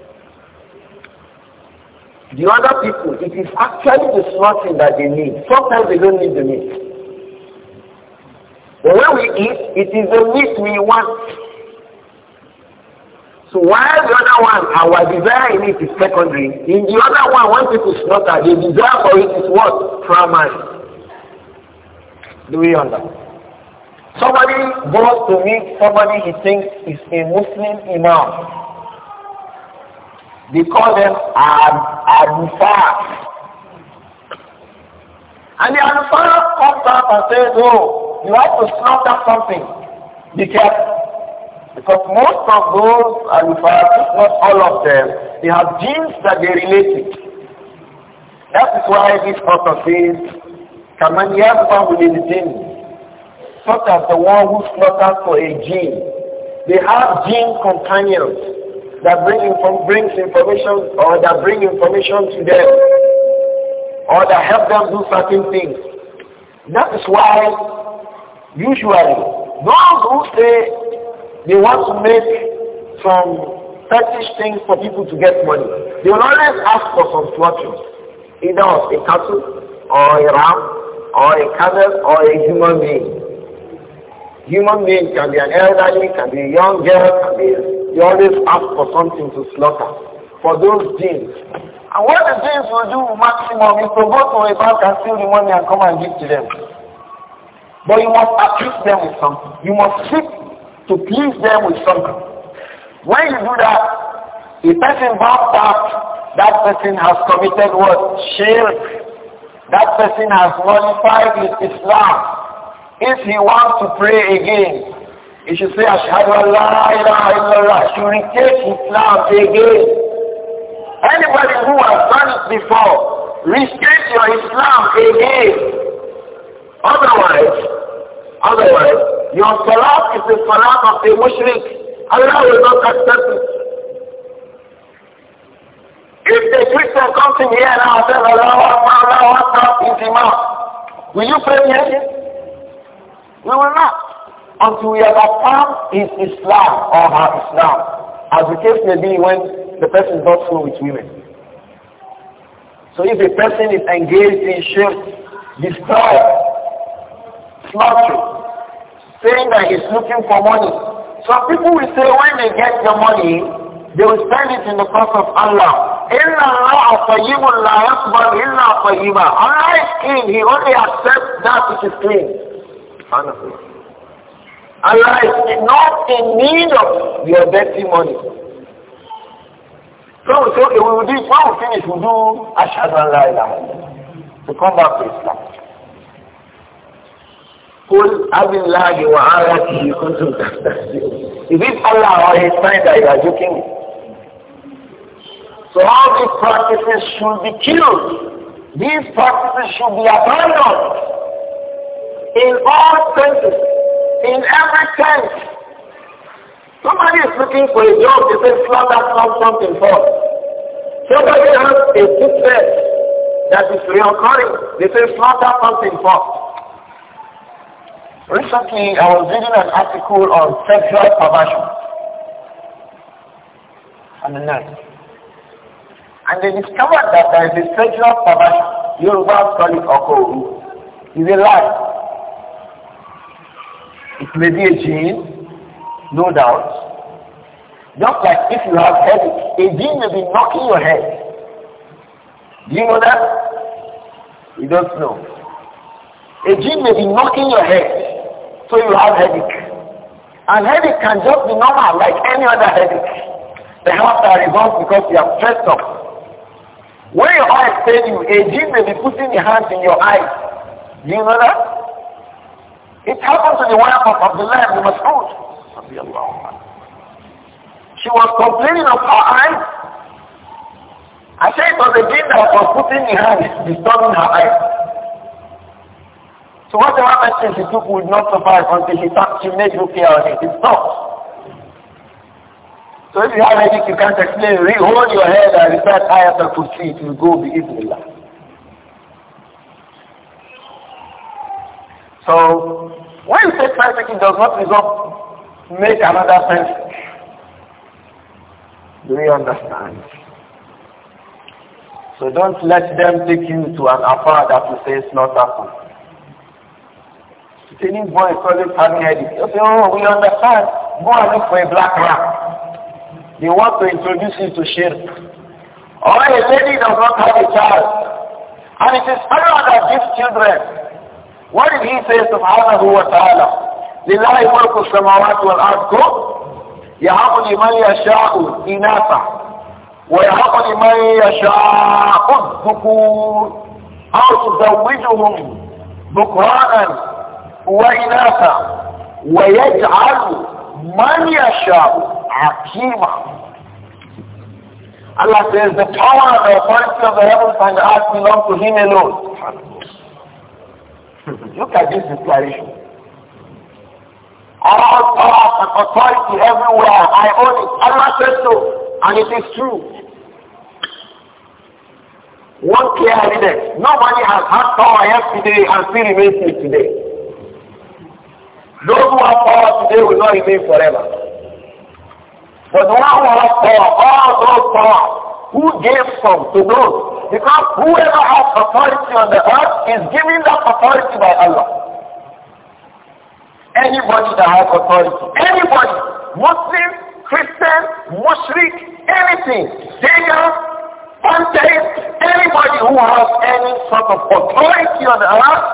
The other people, it is actually the slaughtering that they need. Sometimes they don't need the meat. But when we eat, it is the meat we want. So while the other one, our desire in it is secondary, in the other one, when people slaughter, the desire for it is what? Primary. Do we understand? Somebody goes to meet somebody he thinks is a Muslim imam. They call them Ab Abufa. And the Anfal comes up and says, oh, you have to slaughter something. Be careful. Because most of those Anfal, not all of them, they have genes that they relate to. That is why this person says, كَمَنْ يَغْفَهُ genes." such as the one who slaughters for a jinn. They have jinn companions that bring brings information or that bring information to them or that help them do certain things. That is why usually those who say they want to make some fetish things for people to get money, they will always ask for some slaughtering, either of a cattle or a ram or a camel or a human being. Human being can be an elderly, can be a young girl, can be, you always ask for something to slaughter, for those genes. And what the genes will do maximum is to go to a bank and steal the money and come and give to them. But you must appease them with something. You must seek to please them with something. When you do that, the person bound back, that person has committed what? Shirk. That person has nullified with Islam. If he wants to pray again, he should say, Ashhadu an la ilaha illallah. He should his Islam again. Anybody who has done it before, restate your Islam again. Otherwise, otherwise, your salat is the salat of the mushrik. Allah will not accept it. If the Christian comes in here and says, Allah Akbar, Allah Akbar, in the mouth, will you pray here? We will not until we have affirmed his Islam or her Islam. As the case may be when the person does so with women. So if a person is engaged in shirk, destroy, slaughtering, saying that he's looking for money. Some people will say when they get the money, they will spend it in the cause of Allah. إِلَّا اللَّهَ طَيِّبٌ لَا يَقْبَلْ إِلَّا طَيِّبًا Allah is clean. He only accepts that which is clean. Subhanahu Allah is not in need of your dirty money. So we say, okay, we will do, when we finish, we do Ashadu an la ilaha to come back to Islam. قل أب الله وآياته كنتم تستهزئون. Is it Allah or His sign that you are joking? So all these practices should be killed. These practices should be abandoned in all senses, in every sense. Somebody is looking for a job, they say slaughter something for. Somebody has a sickness that is reoccurring, they say slaughter something for. Recently, I was reading an article on sexual perversion. And the night. And they discovered that there is a sexual perversion. Yoruba call it Okoru. It's a lie. It may be a gene, no doubt. Just like if you have headache, a gene may be knocking your head. Do you know that? You don't know. A gene may be knocking your head, so you have headache. And headache can just be normal, like any other headache. Perhaps that results because you are stressed up. When your eyes fail you, a gene may be putting the hands in your eyes. Do you know that? It happened to the wife of Abdullah ibn Mas'ud. She was complaining of her eyes. I said it was a dream that was putting in her, disturbing her eyes. So whatever medicine she took would not survive until she, thought she made rupiah on it. It stopped. So if you have anything you can't explain, re hold your head and recite ayat al kursi, it will go bi'idhnillah. So why you say five taking does not result, make another person? Do you understand? So don't let them take you to an affair that you say is not happening. Telling boy is always having Okay, You oh, we understand. Go and look for a black man. They want to introduce you to shirk. Or a lady does not have a child. And it is her that gives children. What did he say subhanahu wa ta'ala? لِلَّهِ مُلْكُ السَّمَاوَاتِ وَالْأَرْضِ يَهَبُ لِمَنْ يَشَاءُ إِنَاثًا وَيَهَبُ لِمَنْ يَشَاءُ الذُّكُورَ أَوْ تُزَوِّجُهُمْ ذُكْرَانًا وَإِنَاثًا وَيَجْعَلُ مَنْ يَشَاءُ عَقِيمًا Allah says, the power and the authority of the heavens and the earth belong to Him alone. Look at this declaration. Around us and authority everywhere, I own it. Allah said so, and it is true. One clear evidence. Nobody has had power yesterday and still remains it today. Those who have power today will not remain forever. But the one who has power, all those powers, who gave some to those. Because whoever has authority on the earth is given that authority by Allah. Anybody that has authority, anybody, Muslim, Christian, Mushrik, anything, Satan, Pantheist, anybody who has any sort of authority on the earth,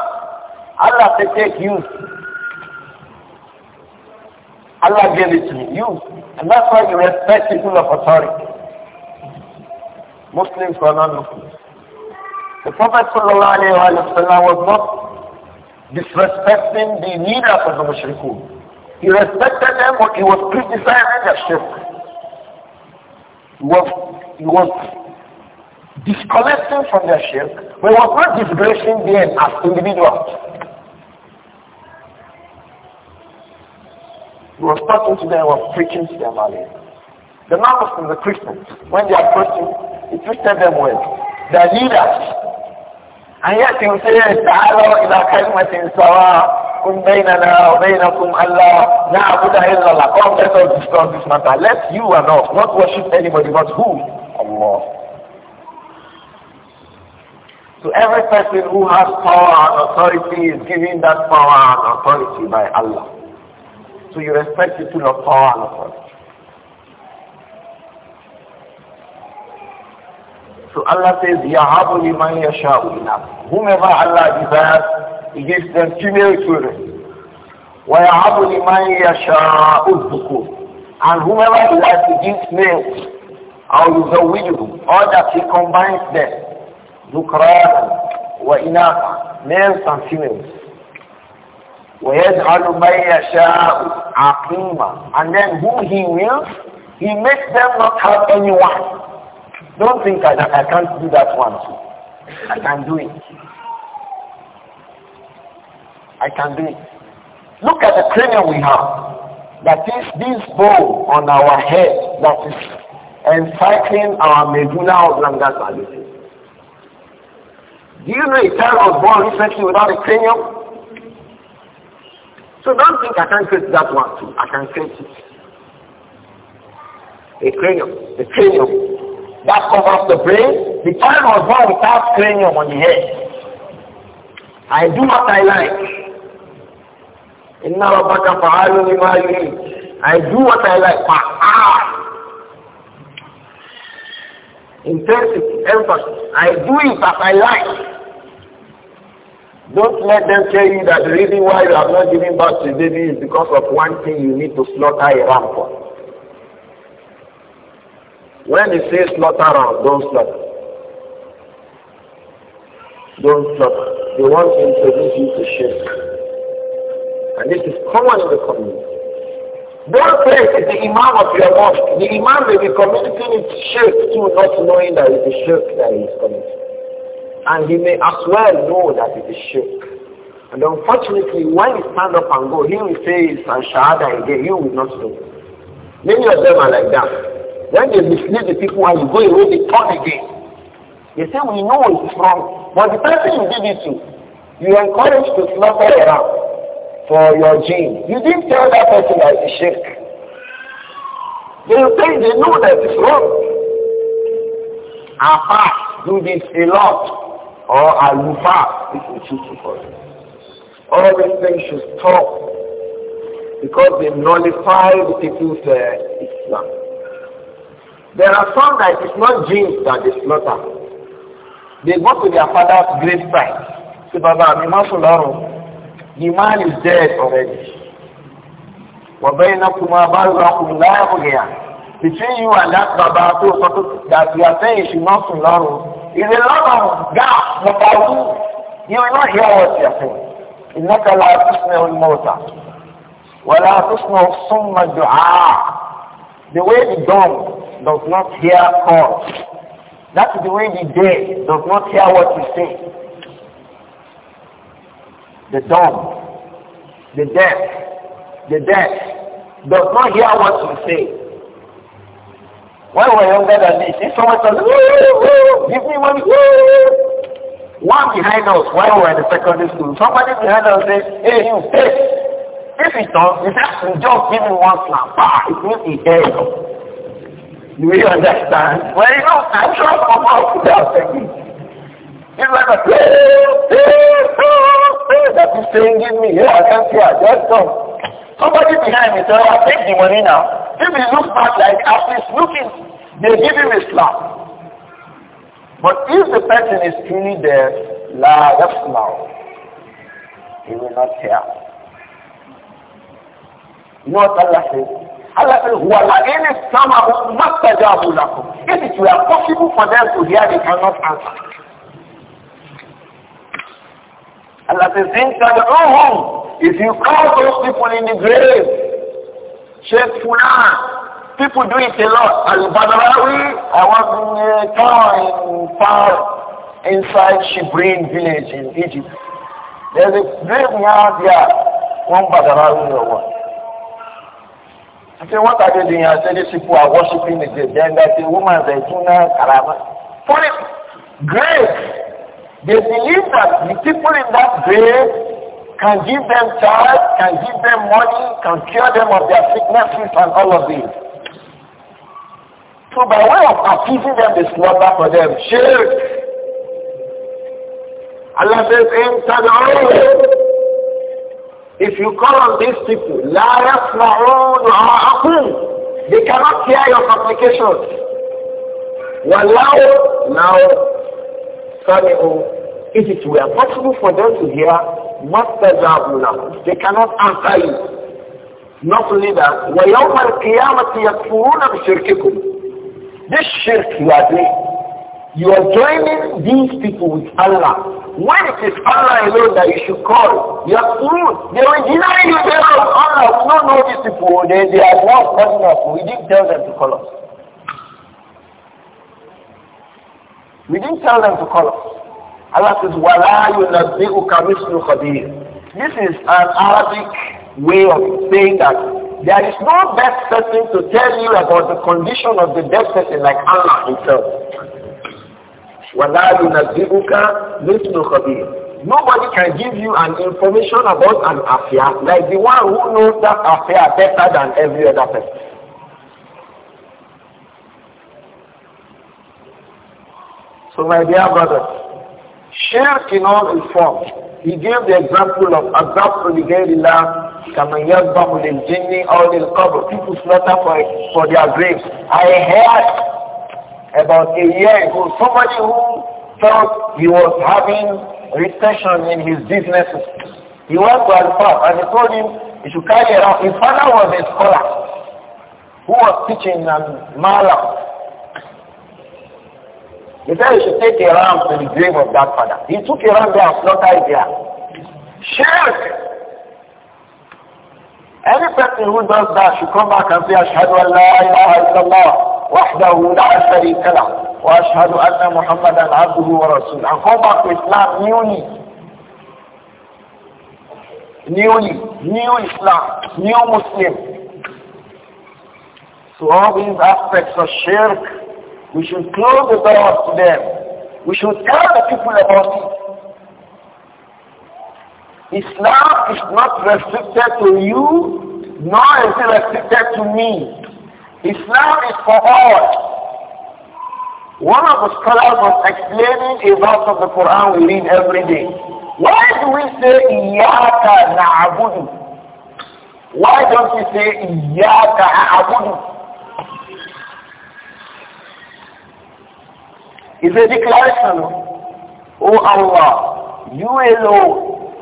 Allah can take you. Allah gave it to you. And that's why you respect people of authority. Muslims or non-Muslims. The Prophet ﷺ was not disrespecting the leaders of the mushrikun. He respected them, but he was criticizing their shirk. He was, he was disconnecting from their shirk, but he was not disgracing them as individuals. He was talking to them, he was preaching to them Ali. The non-Muslims, the Christians, when they approached him, He treated them well. Their leaders. And yet he says, تعالوا إلى كلمة سواء كن بيننا وبينكم ألا نعبد إلا الله. Come let us discuss this matter. Let you and us not worship anybody but who? Allah. So every person who has power and authority is given that power and authority by Allah. So you respect people of power and authority. So Allah says, يَهَابُ لِمَنْ يَشَاءُ إِنَا Whomever Allah desires, He gives them female children. وَيَهَابُ لِمَنْ يَشَاءُ الذُّكُورِ And whomever He likes, He gives males. the يزوجهم or that He combines them. ذُكْرَانًا وَإِنَاثًا Males and females. وَيَجْعَلُ مَنْ يَشَاءُ عَقِيمًا And then whom He wills, He makes them not have anyone. Don't think that I can't do that one too. I can do it. I can do it. Look at the cranium we have. That is this bone on our head that is encircling our medulla oblongata. Do you know a child was born recently without a cranium? So don't think I can create that one too. I can create it. A cranium. A cranium. That covers the brain. The child was born without cranium on the head. I do what I like. Inna rabbaka fa'alu lima I do what I like. Fa'al. Intensity, emphasis. I do it as I like. Don't let them tell you that the reason why you are not giving birth to baby is because of one thing you need to slaughter a ram for. When he says slaughter around, don't slaughter. Don't slaughter. They want to introduce you to shirk. And this is common in the community. Don't pray to the imam of your mosque. The imam may be committing his shirk too, not knowing that it is shirk that he is committing. And he may as well know that it is shirk. And unfortunately, when he stand up and go, he will say it's an shahada again. He will not know. Many of them are like that. When they mislead the people and you go away, they turn again. They say, we know it's wrong. But the person you did it to, you encourage to slaughter around for your gene. You didn't tell that person that it's shirk. They say they know that it's wrong. Our past do this a lot. Or our lufa is a for them. All these things should stop because they nullify the people's uh, Islam. There are some that it's not genes that they slaughter. They go to their father's grave site. Say, Baba, I'm in The man is dead already. وَبَيْنَكُمَا بَرْزَقُمْ لَا يَبْغِيَانِ Between you and that Baba, too, that you are saying you not not slaughter, is a lot of gap, Baba, you You will not hear what you are saying. إِنَّكَ لَا تُسْمِعُ الْمَوْتَى وَلَا تُسْمِعُ الصُّمَّ الدُّعَاءَ The way the dumb does not hear all. That is the way the dead does not hear what you say. The dumb, the deaf, the deaf does not hear what you say. When we were younger than this, if someone says, give me money, one behind us, while we were in the secondary school, somebody behind us says, hey, you, hey. If he does, he says, just give me one slap. Bah, it means he dead. Do you understand? Well, you know, I'm sure I'm out without It's like a play, play, play, that is saying, give me, yeah, I can't see, I just come. Somebody behind me said, oh, i take the money now. If he looks back like after looking, they give him a slap. But if the person is truly there, la now, he will not care. You know what Allah says? Allah said, وَلَئِنِ اسْتَمَعُوا مَسْتَجَابُوا لَكُمْ If it were possible for them to hear, they cannot answer. Allah says, إِنْ تَدْعُوهُمْ If you call those people in the grave, Sheikh Fulan, people do it a lot. Al-Badrawi, I was in a town in far inside Shibrin village in Egypt. There's a grave there, one Badrawi or one say, what are they doing? I say, these people are worshipping the dead. Then that the woman, they do not, karama. Funny, grave. They believe that the people in that grave can give them child, can give them money, can cure them of their sicknesses and all of these. So by way of appeasing them, they slaughter for them. Shirk. Allah says, in if you call on these people, لا يسمعون دعاءكم they cannot hear your supplications. Wallahu now sami'u if it were possible for them to hear mastajabuna they cannot answer you. Not only that, وَيَوْمَ الْقِيَامَةِ يَكْفُرُونَ بِشِرْكِكُمْ This shirk you are doing, you are joining these people with Allah. When it is Allah alone that you should call, you are fool. They were denying you the of Allah. We don't know these people. They, they are not calling us. We didn't tell them to call us. We didn't tell them to call us. Allah says, وَلَا يُنَبِّئُكَ مِثْلُ khadir. This is an Arabic way of saying that there is no best person to tell you about the condition of the dead person like Allah himself. وَلَا يُنَذِّبُكَ مِثْلُ خَبِيرٍ Nobody can give you an information about an affair like the one who knows that affair better than every other person. So my dear brothers, shirk in all its forms. He gave the example of Azab Uligarillah كَمَنْ يَذْبَحُ all أَوْ لِلْقَبْرِ People slaughter for, for their graves. I heard about a year ago, somebody who thought he was having recession in his business, He went to Al-Fat and he told him he should carry around. His father was a scholar who was teaching in Malam. He said he should take a ram to the grave of that father. He took a ram there and slaughtered it there. Shirk! Any person who does that should come back and say, ashadu an la ilaha illallah. وحده لا شريك له وأشهد أن محمدا عبده ورسوله اقوم اسلام نيوني نيوني نيو اسلام نيو مسلم so all these aspects of shirk we should close the doors to them we should tell the people about it Islam is not restricted to you nor is it restricted to me Islam is for all. One of the scholars was explaining a verse of the Quran we read every day. Why do we say Iyaka na'abudu? Why don't we say Iyaka na'abudu? It's a declaration. O oh Allah, you alone,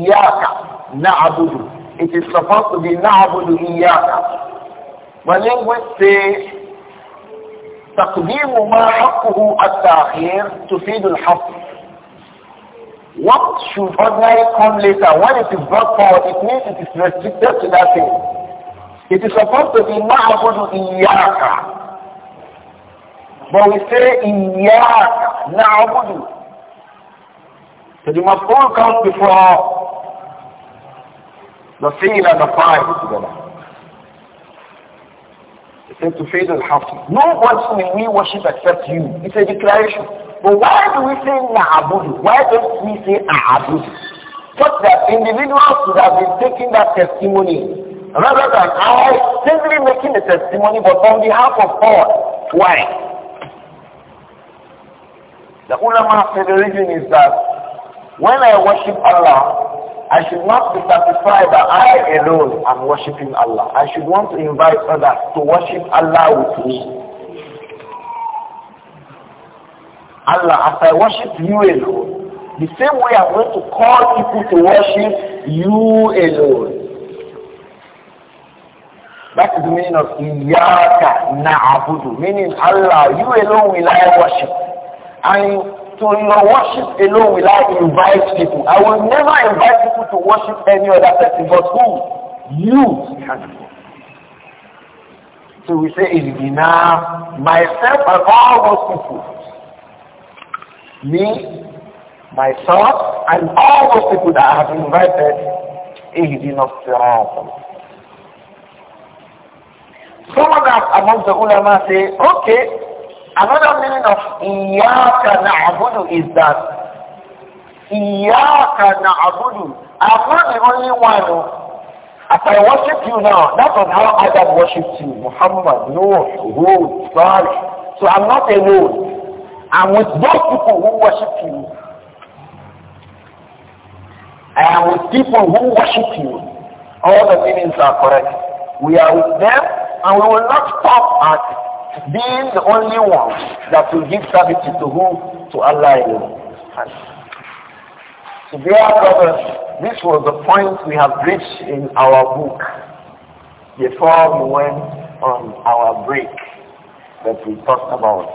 Iyaka na'abudu. It is supposed to be na'abudu Iyaka. تقديم ما حقه التأخير تفيد الحق What should ordinarily come later when it is brought forward it means it is restricted to that thing. It is supposed to be نعبد إياك But we say إياك نعبد So the all comes before the thing and the fa'il together said to Faith al-Hafiz, no one will we worship except you. It's a declaration. But why do we say Na'abudu? Why don't we say Na'abudu? Just that individuals who have been taking that testimony rather than I simply making the testimony but on behalf of God. Why? The ulama said the reason is that when I worship Allah, I should not be satisfied that I alone am worshipping Allah. I should want to invite others to worship Allah with me. Allah, as I worship you alone, the same way I'm going to call people to worship you alone. That is the meaning of Iyaka Na'abudu, meaning Allah, you alone will I worship. And to your worship alone will I invite people. I will never invite people to worship any other person but who? You. So we say, Ilgina, myself and all those people. Me, myself, and all those people that I have invited, Ilgina Siratul. Some of us among the ulama say, okay, Another meaning of Iyaka na'budu is that Iyaka na'budu. I'm not the only one. Oh. As I worship you now, that was how Adam worshipped you. Muhammad, Noah, Hud, Salih. So I'm not alone. I'm with those people who worship you. I am with people who worship you. All the meanings are correct. We are with them and we will not stop at being the only one that will give service to who? To Allah alone. So dear brothers, this was the point we have reached in our book before we went on our break that we talked about.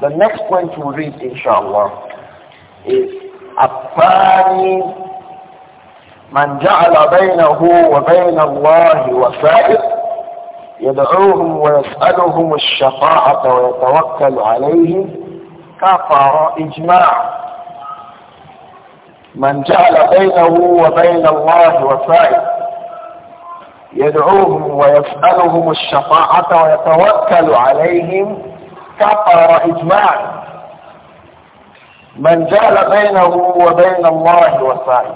The next point we will read, inshallah, is الثاني من جعل بينه وبين الله وسائل يدعوهم ويسألهم الشفاعة ويتوكل عليهم كفر إجماع من جعل بينه وبين الله وسائل يدعوهم ويسألهم الشفاعة ويتوكل عليهم كفر إجماع من جعل بينه وبين الله وسائل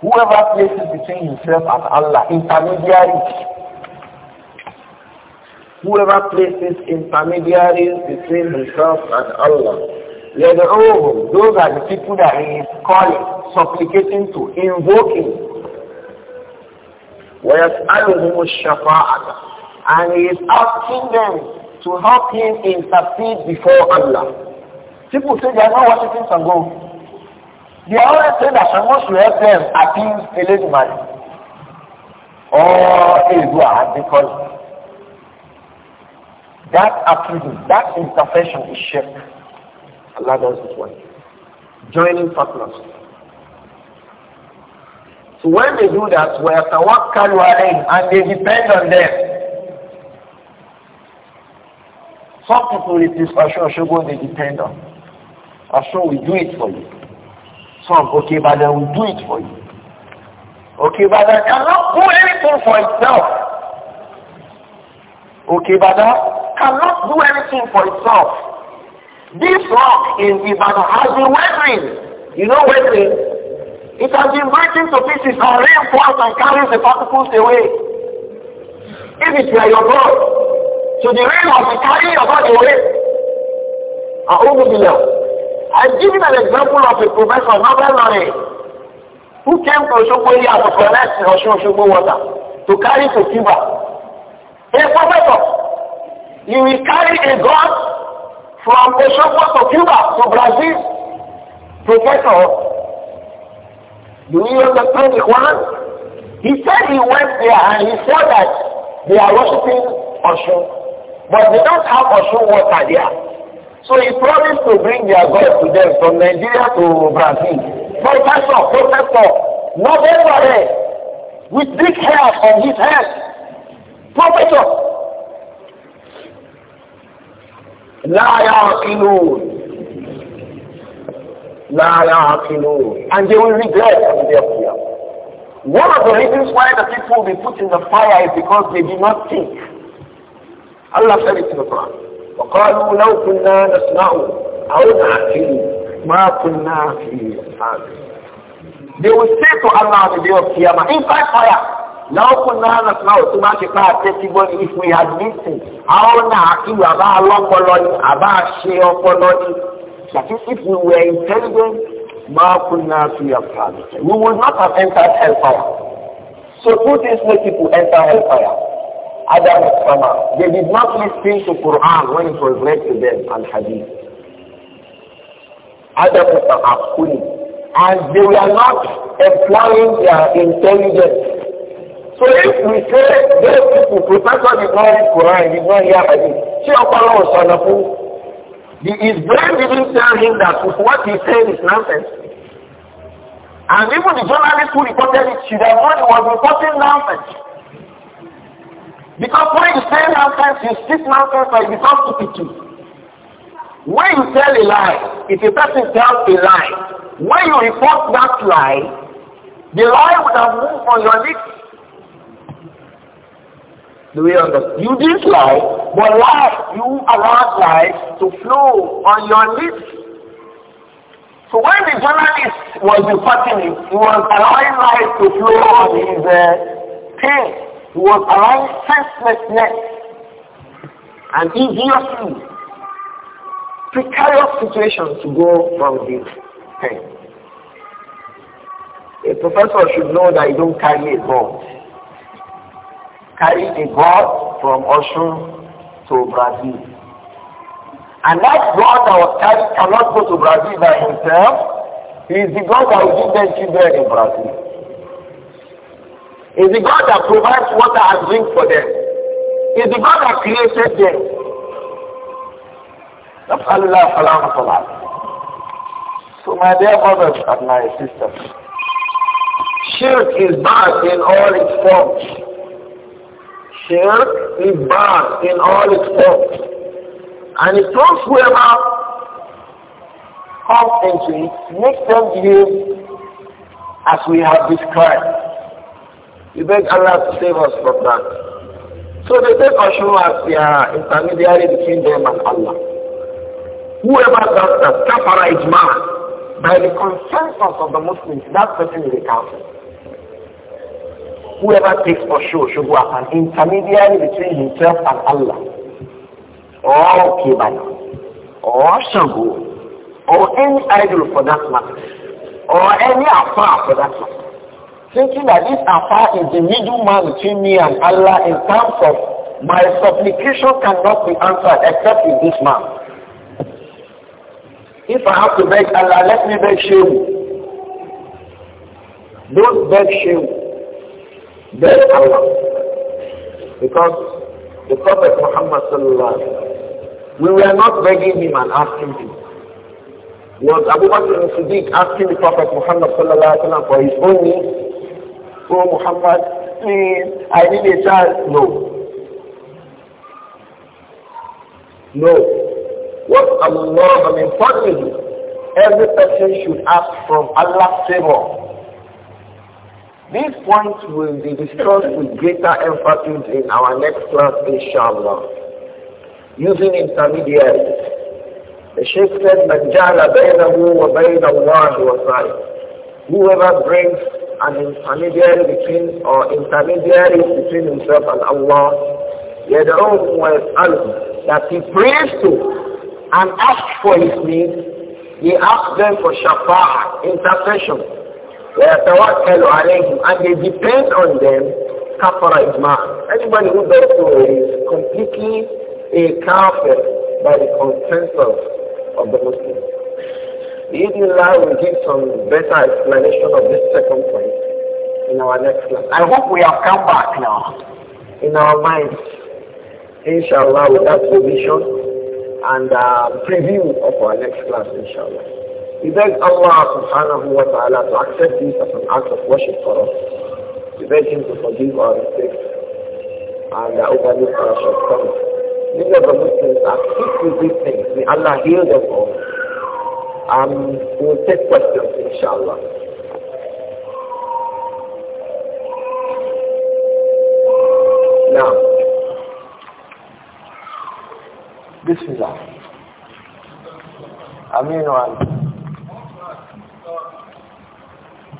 whoever places between himself and Allah intermediaries whoever places intermediaries between himself and Allah. Yad'uhum, those are the people that he is calling, supplicating to, invoking. وَيَسْأَلُهُمُ الشَّفَاعَةَ And he is asking them to help him intercede before Allah. People say they are not worshipping Sango. They always say that Sango should help them appease Eledumare or Eledua because That attribute, that intervention, is shared. Allah doesn't want it. Joining partners. So when they do that, we have to work alayhim and they depend on them. Some people it is Ashur Shogun they depend on. Sure, we do it for you. Some, okay, but then we do it for you. Okay, but I cannot do anything for itself. Okay, but that cannot do anything for itself. This rock in Ibadan has been weathering. You know weathering? It has been breaking to pieces and rain falls and carries the particles away. If it were your God, so the rain of the carrying your body away. And ah, over oh, below. I've given an example of a professor, Nobel Laureate, who came to Oshogbo to collect Oshogbo water to carry to Cuba. A professor You will carry a gun from Oshogbo to Cuba to Brazil. Professor, do you understand the one? He said he went there and he saw that they are worshiping Oshun. But they don't have Oshun water there. So he promised to bring their God to them from Nigeria to Brazil. Professor, professor, not everybody eh, with big hair on his head. Professor, لا يعقلون لا يعقلون and they will regret on their fear one of the reasons why the people will be put in the fire is because they did not think Allah said it in the Quran وقالوا لو كنا نسمع أو نعقل ما كنا في They will say to Allah on the day of Qiyamah, inside fire, now, كنا نسمع سمع شفاعة تسيبون if we had listened our نعقل أبا الله قلوني أبا الشيء قلوني that is if we were intelligent ما كنا في أفعال we would not have entered hellfire so who did make people enter hellfire Adam and Sama they did not listen to Quran when it was read to them and Hadith Adam and Sama and they were not employing their intelligence so if we say those people, Professor did not read Quran, did not hear Hadith, Shiokolo was Sanafu, his brain didn't tell him that what he said is nonsense. And even the journalist who reported it should have known he was reporting nonsense. Because when you say nonsense, you speak nonsense and you become stupid too. When you tell a lie, if a person tells a lie, when you report that lie, the lie would have moved on your lips do we understand? You dislike, but lie, you allow life to flow on your lips. So when the journalist was reporting it, he was allowing life to flow on his uh, thing. He was allowing senselessness and idiocy, precarious situation to go from his pain. A professor should know that you don't carry a bomb carried a god from Oshun to Brazil. And that God that was carried cannot go to Brazil by himself. He is the God that will give them children in Brazil. He is the God that provides water and drink for them. He is the God that created them. So my dear brothers and my sisters, shirk is bad in all its forms. Shirk is bad in all its forms. And it throws whoever comes into it, makes them behave as we have described. We beg Allah to save us from that. So they take Ashura as their intermediary between them and Allah. Whoever does that, kafara ijma, by the consensus of the Muslims, that person is a kafir. whoever takes for Osho Shogwa, an intermediary between himself and Allah, or Kibana, or Shango, or any idol for that matter, or any affair for that matter, thinking that this affair is the middleman between me and Allah in terms of my supplication cannot be answered except with this man. If I have to beg Allah, let me beg Shehu. Don't beg Shehu. then Allah. Because the Prophet Muhammad sallallahu we were not begging him and asking him. Was Abu Bakr al-Siddiq asking the Prophet Muhammad sallallahu for his own needs? Oh Muhammad, please, eh, I need a child. No. No. What Allah, I mean, you, every person should ask from Allah's favor. These points will be discussed with greater emphasis in our next class, inshallah. Using intermediaries. The Sheikh said, "Manjala جَعْلَ wa وَبَيْنَ Allah وَصَائِهِ Whoever brings an intermediary between, or intermediary between himself and Allah, يَدْعُوهُ وَيَسْأَلُهُ That he prays to and asks for his needs, he asks them for shafa'ah, intercession, وَيَتَوَكَّلُ عَلَيْهِمْ And they depend on them, كَفَرَ إِجْمَعًا Anybody who does so is completely a kafir by the consensus of the Muslims. Bismillah will give some better explanation of this second point in our next class. I hope we have come back now in our minds, inshallah, with that provision and uh, preview of our next class, inshallah. We beg Allah subhanahu wa ta'ala to accept this as an act of worship for us. We beg Him to forgive our mistakes and overlook our shortcomings. Many of the Muslims are sick with these things. May Allah heal them all. Um, we'll take questions inshallah. Now, this is our.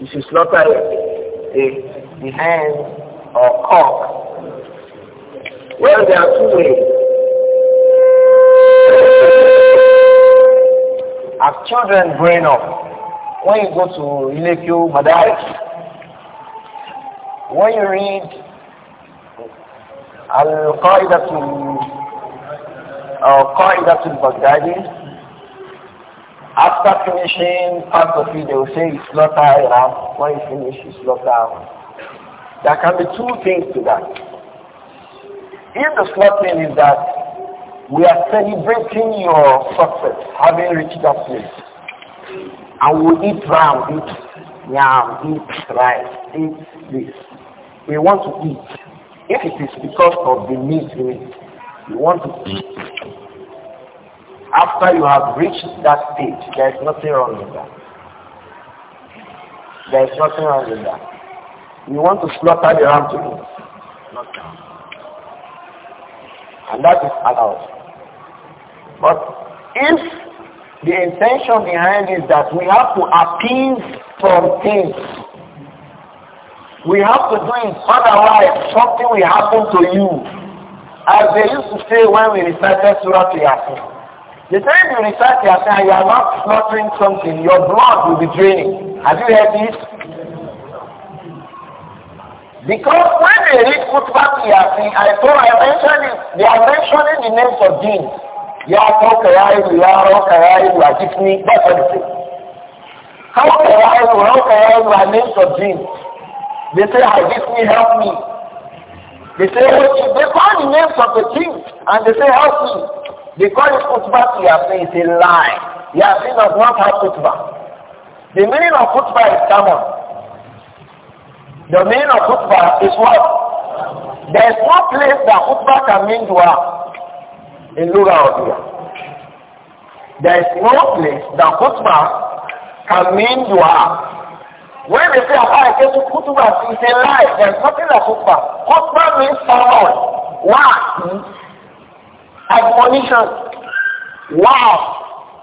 You should slaughter the, the hand or cock. Well, there are two ways. As children growing up, when you go to Ilekyo Madaris, when you read Al-Qaeda to Al-Qaeda to Baghdadi, after finishing part of it, they will say it's slaughter a When you finish, you slaughter. There can be two things to that. If the slaughtering is that we are celebrating your success, having reached that place, and we eat ram, eat yam, eat rice, eat this. We want to eat. If it is because of the meat we want to eat. After you have reached that stage, there is nothing wrong with that. There is nothing wrong with that. You want to slaughter the ram today? Not now. And that is allowed. But if the intention behind is that we have to appease from things, we have to do it otherwise something will happen to you. As they used to say when we recited Surah Yasin, the time you recite saying you are not slaughtering something, your blood will be draining. Have you heard this? Because when they read Kutbat Yasin, I told I mentioned it, they are mentioning the names of deen. Yaato Karayu, Yaro Karayu, Ajifni, that's everything. they say. How Karayu, How Karayu are names of jinn. They say, Ajifni, help me. They say, they find the names of the jinn, and they say, help me. Because khutbah to Yasin is a lie. Yasin does not have khutbah. The meaning of khutbah is sermon. The meaning of khutbah is what? There is no place that khutbah can mean dua in Lura or Dua. There is no place that khutbah can mean dua. When they say, I get to khutbah, it's a lie. There is nothing like khutbah. Khutbah means someone. Why? admonition, wow,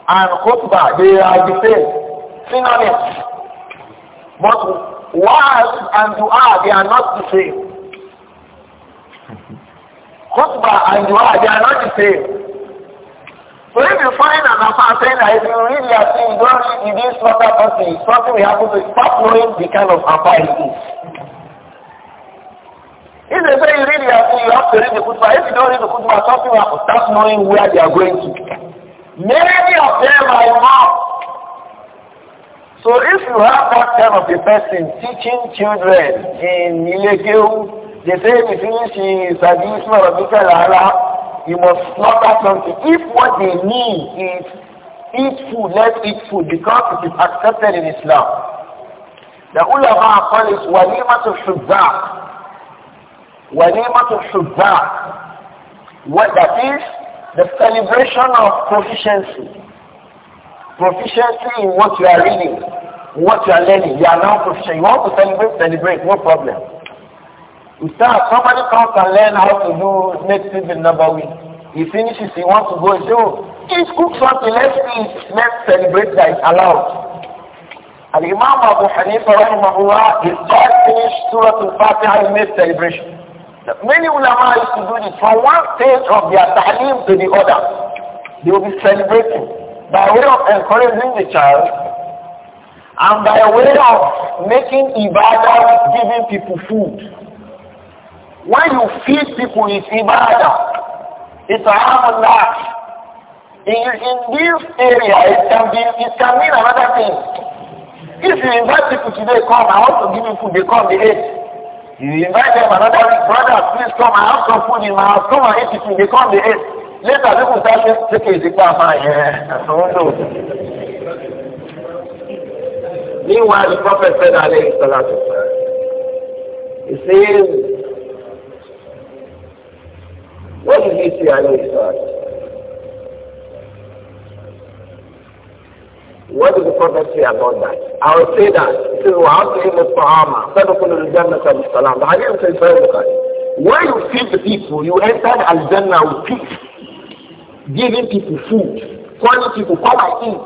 and khutbah, they are the same, synonyms. But wa'az and dua, they are not the same. Khutbah and dua, they are not the same. So if you find an affair saying that if you read your thing, you don't read this, not that person, something will happen to you. Stop knowing the kind of affair it is. If they say you read Yasin, you have to read the Quran. If you don't read the Qutbah, something will start knowing where they are going to. Many of them are not. So if you have that kind of a person teaching children in Ilekeu, they say if you finish Sadisma or Allah, you must slaughter something. If what they mean is eat food, let's eat food because it is accepted in Islam. The ulama call it to Shubba. Walimat al-Hubba. What that is, the celebration of proficiency. Proficiency in what you are reading, what you are learning. You are now proficient. You want to celebrate, celebrate, no problem. Instead, somebody comes and learn how to do next thing in one. He finishes, he wants to go, do. please oh, cook something, let's eat, let's celebrate that it's allowed. Al-Imam Abu Hanifa rahimahullah, he first finished Surah Al-Fatiha, he made celebration. Many ulama used to do this from one stage of their ta'lim to the other. They will be celebrating by way of encouraging the child and by way of making ibadah giving people food. When you feed people with ibadah, it's a lot. In, in this area it can be it can mean another thing. If you invite people today come, I want to give you food, they come, they eat. You invite them another week, brother, please come, I have some food in my house, come and eat it, they come, they eat. Later, people start saying, take it, it's a man, yeah, I don't know. Meanwhile, the Prophet said, alayhi salatu He says, what did he say, alayhi salatu What did the Prophet say about that? I will say that. He says, وَعَطْلِهِمُ الطَّعَامَ فَدُخُلُ الْجَنَّةَ بِالسَّلَامِ The hadith says very Bukhari. When you feed the people, you enter Al-Jannah with peace. Giving people food. Calling people, come and eat.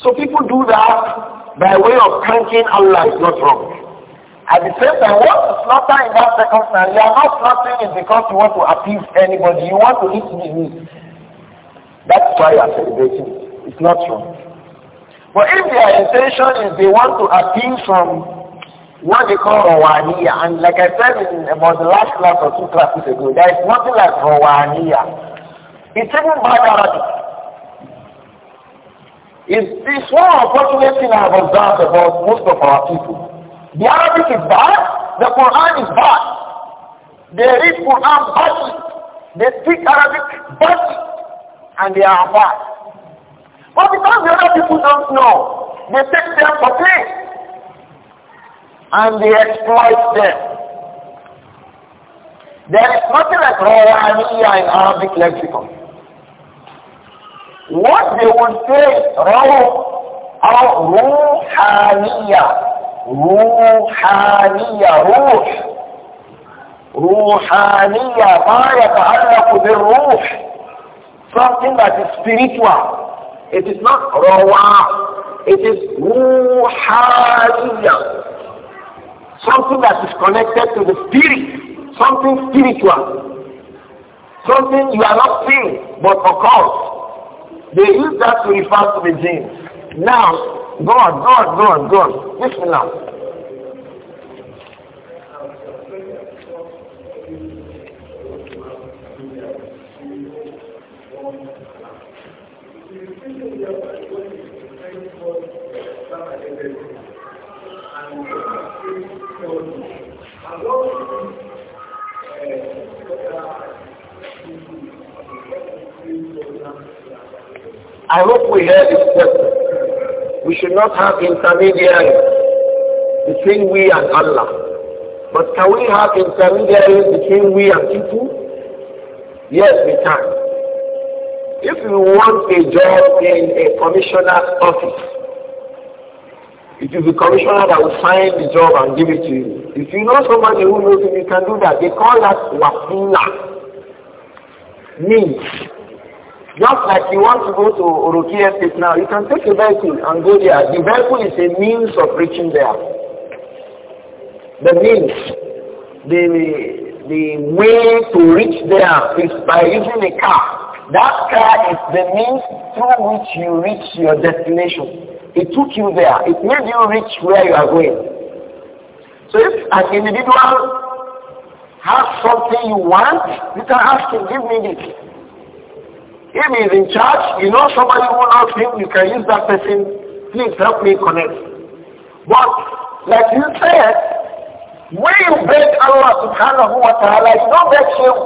So people do that by way of thanking Allah is not wrong. At the same time, what to slaughter in that circumstance, you are not slaughtering it because you want to appease anybody. You want to eat meat. That's why you are celebrating it's not wrong. But if their intention is they want to appeal from what they call Rawaniya, and like I said in about the last class or two classes ago, there is nothing like Rawaniya. It's even bad Arabic. It's, it's one unfortunate thing I have observed about most of our people. The Arabic is bad, the Quran is bad. They read Quran badly, they speak Arabic badly, and they are bad. But because the other people don't know, they take them for free. And they exploit them. There is nothing like Rawaniya in Arabic lexicon. What they would say is Ruhaniya. ruhaniya, ruh, ruhaniya, ما يتعلق بالروح something that is spiritual it is not rawa. It is ruhaniya. Something that is connected to the spirit. Something spiritual. Something you are not seeing but course. They use that to refer to the jinn. Now, God, God, God, God. Listen now. I hope we heard this question. We should not have intermediaries between we and Allah. But can we have intermediaries between we and people? Yes, we can. If you want a job in a commissioner's office, it is the commissioner that will find the job and give it to you. If you know somebody who knows him, you can do that. They call that wafila. Means just like you want to go to Urukia State now, you can take a vehicle and go there. The vehicle is a means of reaching there. The means, the, the way to reach there is by using a car. That car is the means through which you reach your destination. It took you there. It made you reach where you are going. So if an individual has something you want, you can ask him, give me this. If he is in charge, you know somebody who knows him, you can use that person. Please help me connect. But, like you said, when you beg Allah subhanahu wa ta'ala, you don't beg him.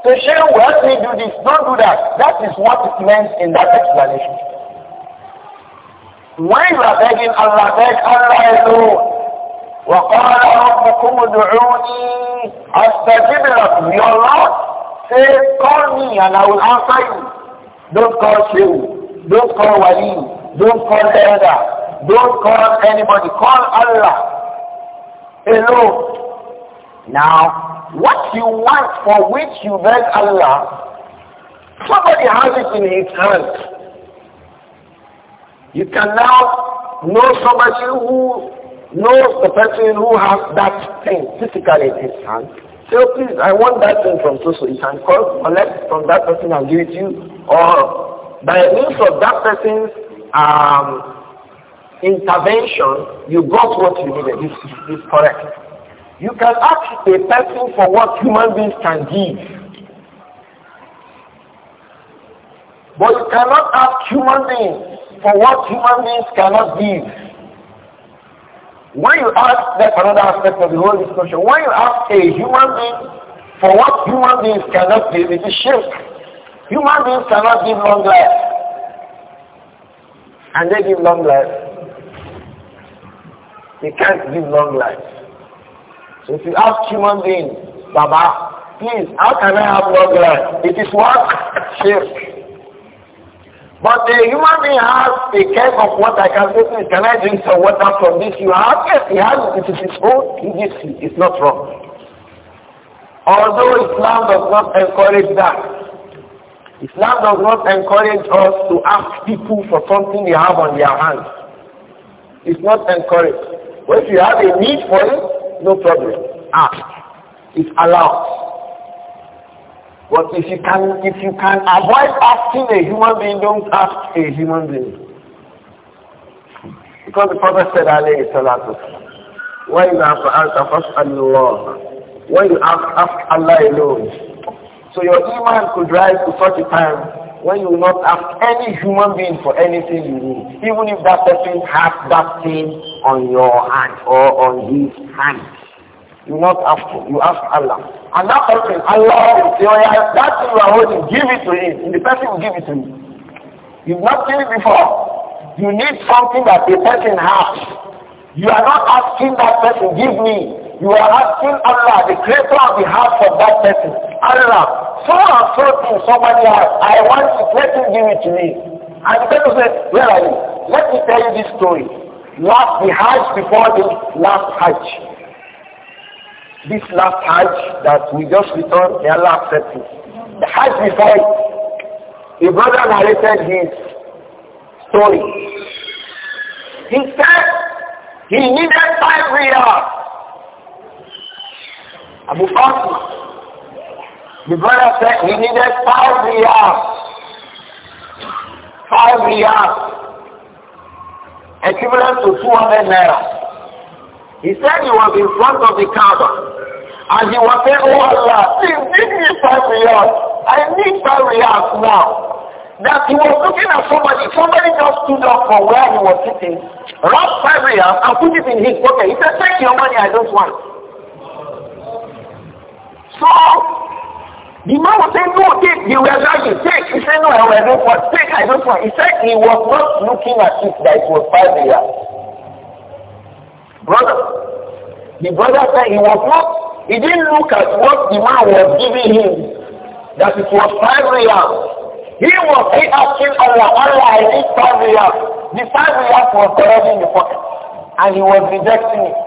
So Shaykh will help me do this. Don't do that. That is what it meant in that explanation. When you are begging Allah, beg Allah alone. وقال ربكم ادعوني استجب لكم your Lord says call me and I will answer you don't call Shehu. Don't call Wali. Don't call other. Don't call anybody. Call Allah. Alone. Now, what you want for which you beg Allah, somebody has it in his hand. You can now know somebody who knows the person who has that thing physically in his hand. Say, oh, please, I want that thing from so-so. You can call, collect from that person and give it to you. Or by means of that person's um, intervention, you got what you needed. This is correct. You can ask a person for what human beings can give. But you cannot ask human beings for what human beings cannot give. When you ask, that's another aspect of the whole discussion. When you ask a human being for what human beings cannot give, it is shirk. Human beings cannot give long life. And they give long life. They can't give long life. So if you ask human beings, Baba, please, how can I have long life? It is what? Shirk. But the human being has a care of what I can do. Can I drink some water from this you have? Yes, he has it. It is his own. He gives it. It's not wrong. Although Islam does not encourage that. Islam does not encourage us to ask people for something they have on their hands. It's not encouraged. But if you have a need for it, no problem. Ask. It's allowed. But if you can, if you can avoid asking a human being, don't ask a human being. Because the Prophet said, alayhi salatu, when you have answer, first Allah. When you ask, ask Allah alone. So your iman could rise to such a time when you will not ask any human being for anything you need, even if that person has that thing on your hand or on his hand. You not ask him, you ask Allah. And that person, Allah oh, that thing you are holding, give it to him. And the person will give it to you. You've not seen it before. You need something that the person has. You are not asking that person, give me. You are asking Allah, the creator of the heart of that person. Allah, so and so thing somebody has, I want it, let him give it to me. And the person says, where are you? Let me tell you this story. Last, the Hajj before the last Hajj. This last Hajj that we just returned, may Allah accept The Hajj before it, the brother narrated his story. He said he needed five riyals. Abu Fatima, the brother said he needed five riyals. Five riyals. Equivalent to 200 naira. He said he was in front of the Kaaba. And he was saying, oh Allah, please give me five riyals. I need five riyals now. That he was looking at somebody. Somebody just stood up from where he was sitting, wrapped five riyals and put it in his pocket. He said, take your money, I don't want. So, the man was saying, no, take, they were lying, take. He said, no, I don't want, take, I don't want. He said he was not looking at it that it was five riyals brother. The brother said he was not, he didn't look at what the man was giving him, that it was five riyals. He was he asking Allah, Allah, I need five riyals. The five riyals was already in the pocket, and he was rejecting it.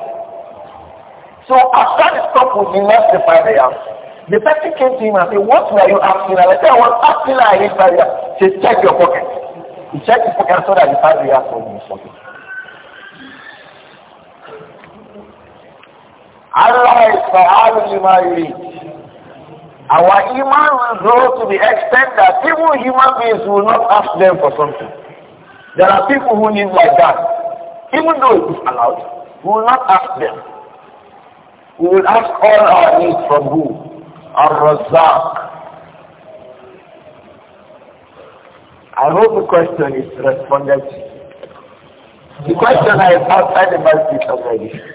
So after the stop was he left the five riyals. The person came to him and said, what were you asking? And I said, I was asking I need five riyals. She said, check your pocket. He checked his pocket saw that the five riyals was in his pocket. Allah is fa'al lima yurid. Our iman will grow to the extent that even human beings will not ask them for something. There are people who live like that. Even though it is allowed, we will not ask them. We will ask all our needs from who? Our razzaq I hope the question is responded to. The question I have outside the basket already.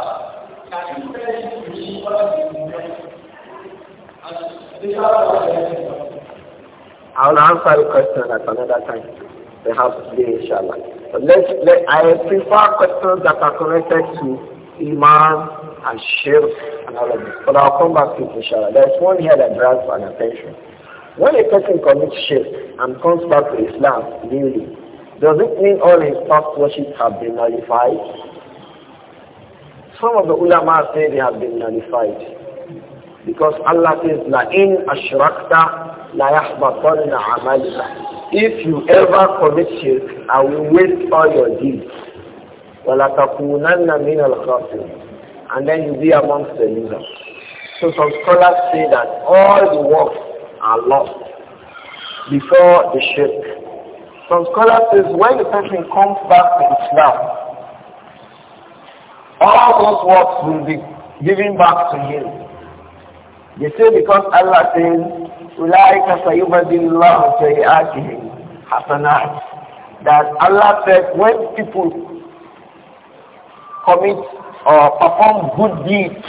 I will answer the question at another time, perhaps today, inshallah. But let, let, I prefer questions that are connected to Iman and Shirk and all of this. But I'll come back to it, inshallah. There's one here that draws my attention. When a person commits Shirk and comes back to Islam newly, does it mean all his past worship have been nullified? Some of the ulama say they have been nullified. Because Allah says, La in ashrakta la yahbatanna amalika. If you ever commit shirk, I will waste all your deeds. وَلَتَكُونَنَّ مِنَ الْخَاسِرِينَ And then you be amongst the losers. So some scholars say that all the works are lost before the shirk. Some scholars say when the person comes back to Islam, all those works will be given back to him. They say because Allah says, أُولَٰئِكَ سَيُبَدِلُ اللَّهُ سَيِّئَاتِهِمْ حَسَنَاتٍ That Allah said when people commit or perform good deeds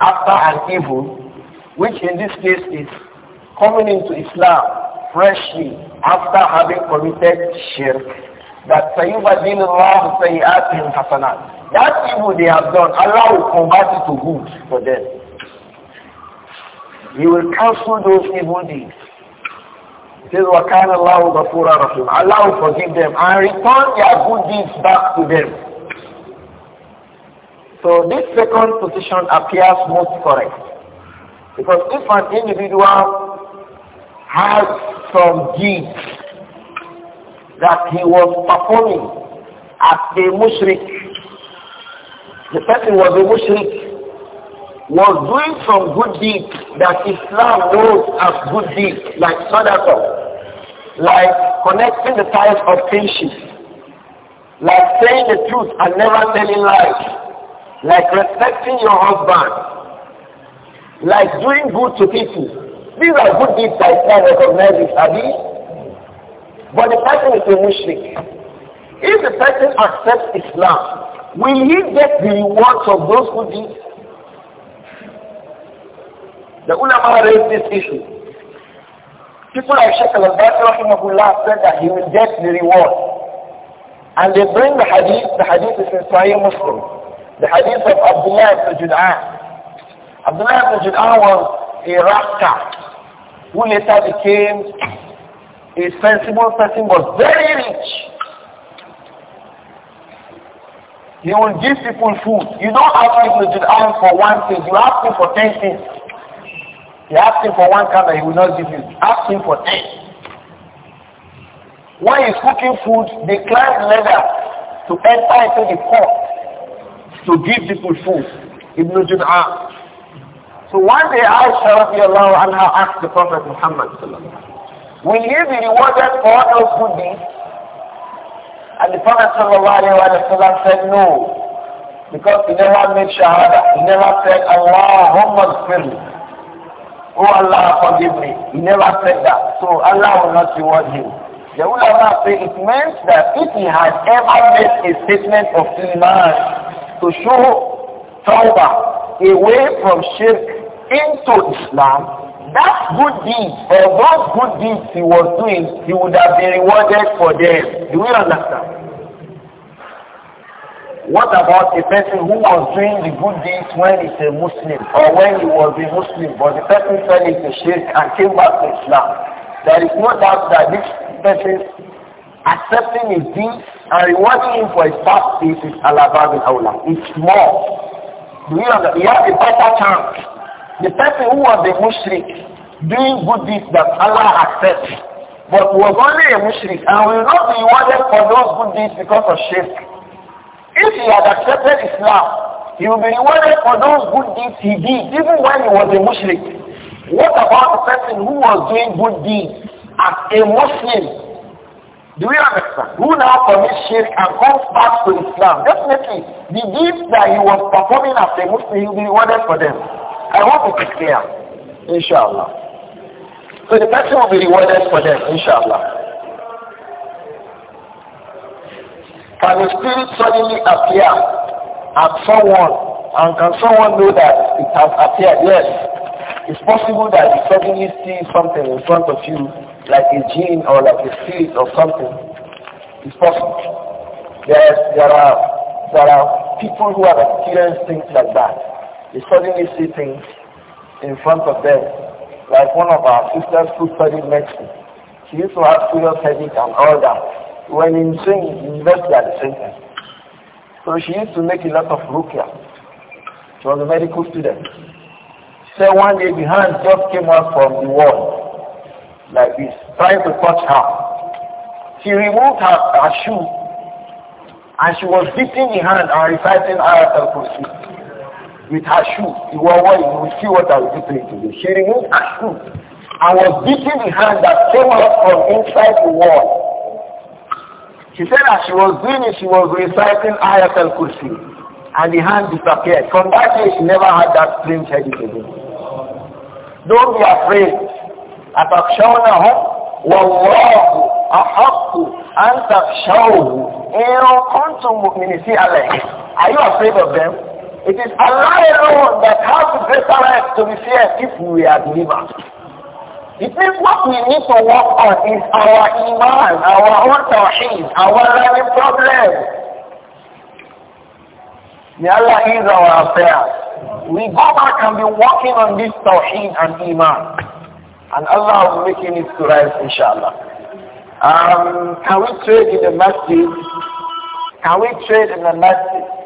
after an evil, which in this case is coming into Islam freshly after having committed shirk, that Sayyubadinullah Sayyiatim Hasanat. That evil they have done, Allah will convert it to good for them. He will cancel those evil deeds. He says, وَكَانَ اللَّهُ غَفُورًا رَحِيمًا Allah will forgive them and return their good deeds back to them. So this second position appears most correct. Because if an individual has some deeds that he was performing as a mushrik. The person was a mushrik was doing some good deeds that Islam knows as good deeds, like sadaqah, like connecting the ties of kinship, like saying the truth and never telling lies, like respecting your husband, like doing good to people. These are good deeds that Islam recognizes, Abi. But the person is a Muslim. If the person accepts Islam, will he get the rewards of those who did? The ulama raised this issue. People like Sheikh al-Albani said that he will get the reward. And they bring the hadith, the hadith is in Sahih Muslim. The hadith of Abdullah ibn Jud'an. Abdullah ibn Jud'an was a rascal who later became a sensible person was very rich. He will give people food. You don't ask people to ask for one thing. You ask him for ten things. You ask him for one camera, he will not give you. Ask him for ten. When he's cooking food, they climb to enter into the pot to give people food. Ibn Jud'ah. So one day Aisha radiallahu anha asked the Prophet Muhammad sallallahu Will he be rewarded for all those good deeds? And the Prophet ﷺ said no. Because he never made shahada. He never said, Allahumma firli. Oh Allah, forgive me. He never said that. So Allah will not reward him. The ulama say it means that if he had ever made a statement of iman to show tawbah away from shirk into Islam, that good deed or those good deeds he was doing, he would have been rewarded for them. Do we understand? What about a person who was doing the good deeds when he's a Muslim or when he was a Muslim but the person fell into shirk and came back to Islam? There is no doubt that this person accepting his deeds and rewarding him for his past deeds is Allah bin Allah. It's more. Do you understand? He has a better chance the person who was a mushrik doing good deeds that Allah accepts, but was only a mushrik and will not be rewarded for those good deeds because of shirk. If he had accepted Islam, he will be rewarded for those good deeds he did even when he was a mushrik. What about the person who was doing good deeds as a Muslim? Do you understand? Who now commits shirk and comes back to Islam? Definitely, the deeds that he was performing as a Muslim, he will be rewarded for them. I hope it is clear. Inshallah. So the person will be rewarded for them, inshallah. Can the spirit suddenly appear at someone and can someone know that it has appeared? Yes. It's possible that you suddenly see something in front of you, like a gene or like a spirit or something. It's possible. Yes, there, are, there are people who have experienced things like that they suddenly see things in front of them. Like one of our sisters who studied medicine. She used to have serious headache and all that. When in university at the same time. So she used to make a lot of rukia. She was a medical student. She said one day the hand just came out from the wall like this, trying to touch her. She removed her, her shoe and she was beating the hand and reciting Ayat al-Kursi with her shoes. You will see what I will do to you She removed her shoes and was beating the hand that came out from inside the wall. She said that she was doing it, she was reciting Ayat kursi and the hand disappeared. From that day, she never had that strange headache again. Don't be afraid. أتخشونهم والله أحق أن You إن كنتم مؤمنين. See Allah, are you afraid of them? It is Allah alone that has the greater right to be feared if we are believers. It means what we need to work on is our iman, our own tawheed, our learning problem. May Allah ease our affairs. We go back and be working on this tawheed and iman. And Allah will making it to rise, inshallah. Um, can we trade in the masjid? Can we trade in the masjid?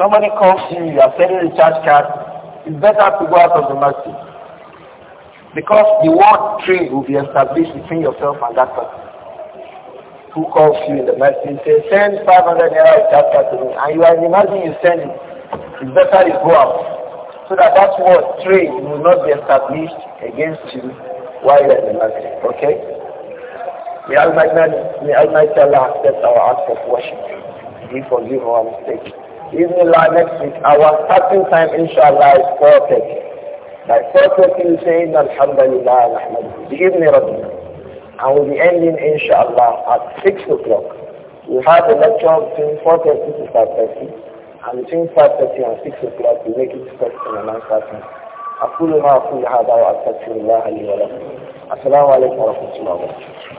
Somebody calls you, you are selling a charge card, it's better to go out of the market. Because the word trade will be established between yourself and that person. Who calls you in the market says, send 500 naira a charge card to me. And you are imagining you send it. It's better you go out. So that that word trade will not be established against you while you are in the market. Okay? May Almighty, may Almighty Allah accept our acts of worship. He forgive our mistakes. Inshallah, next week. Our starting time inshallah is 4.30. By 4.30 we say alhamdulillah alhamdulillah. And we'll be ending inshallah at 6 o'clock. We have a lecture between 4.30 to 5.30. And between 5.30 and 6 o'clock we make it question and answer time. أقول ما أقول هذا وأستغفر الله لي ولكم السلام عليكم ورحمة الله وبركاته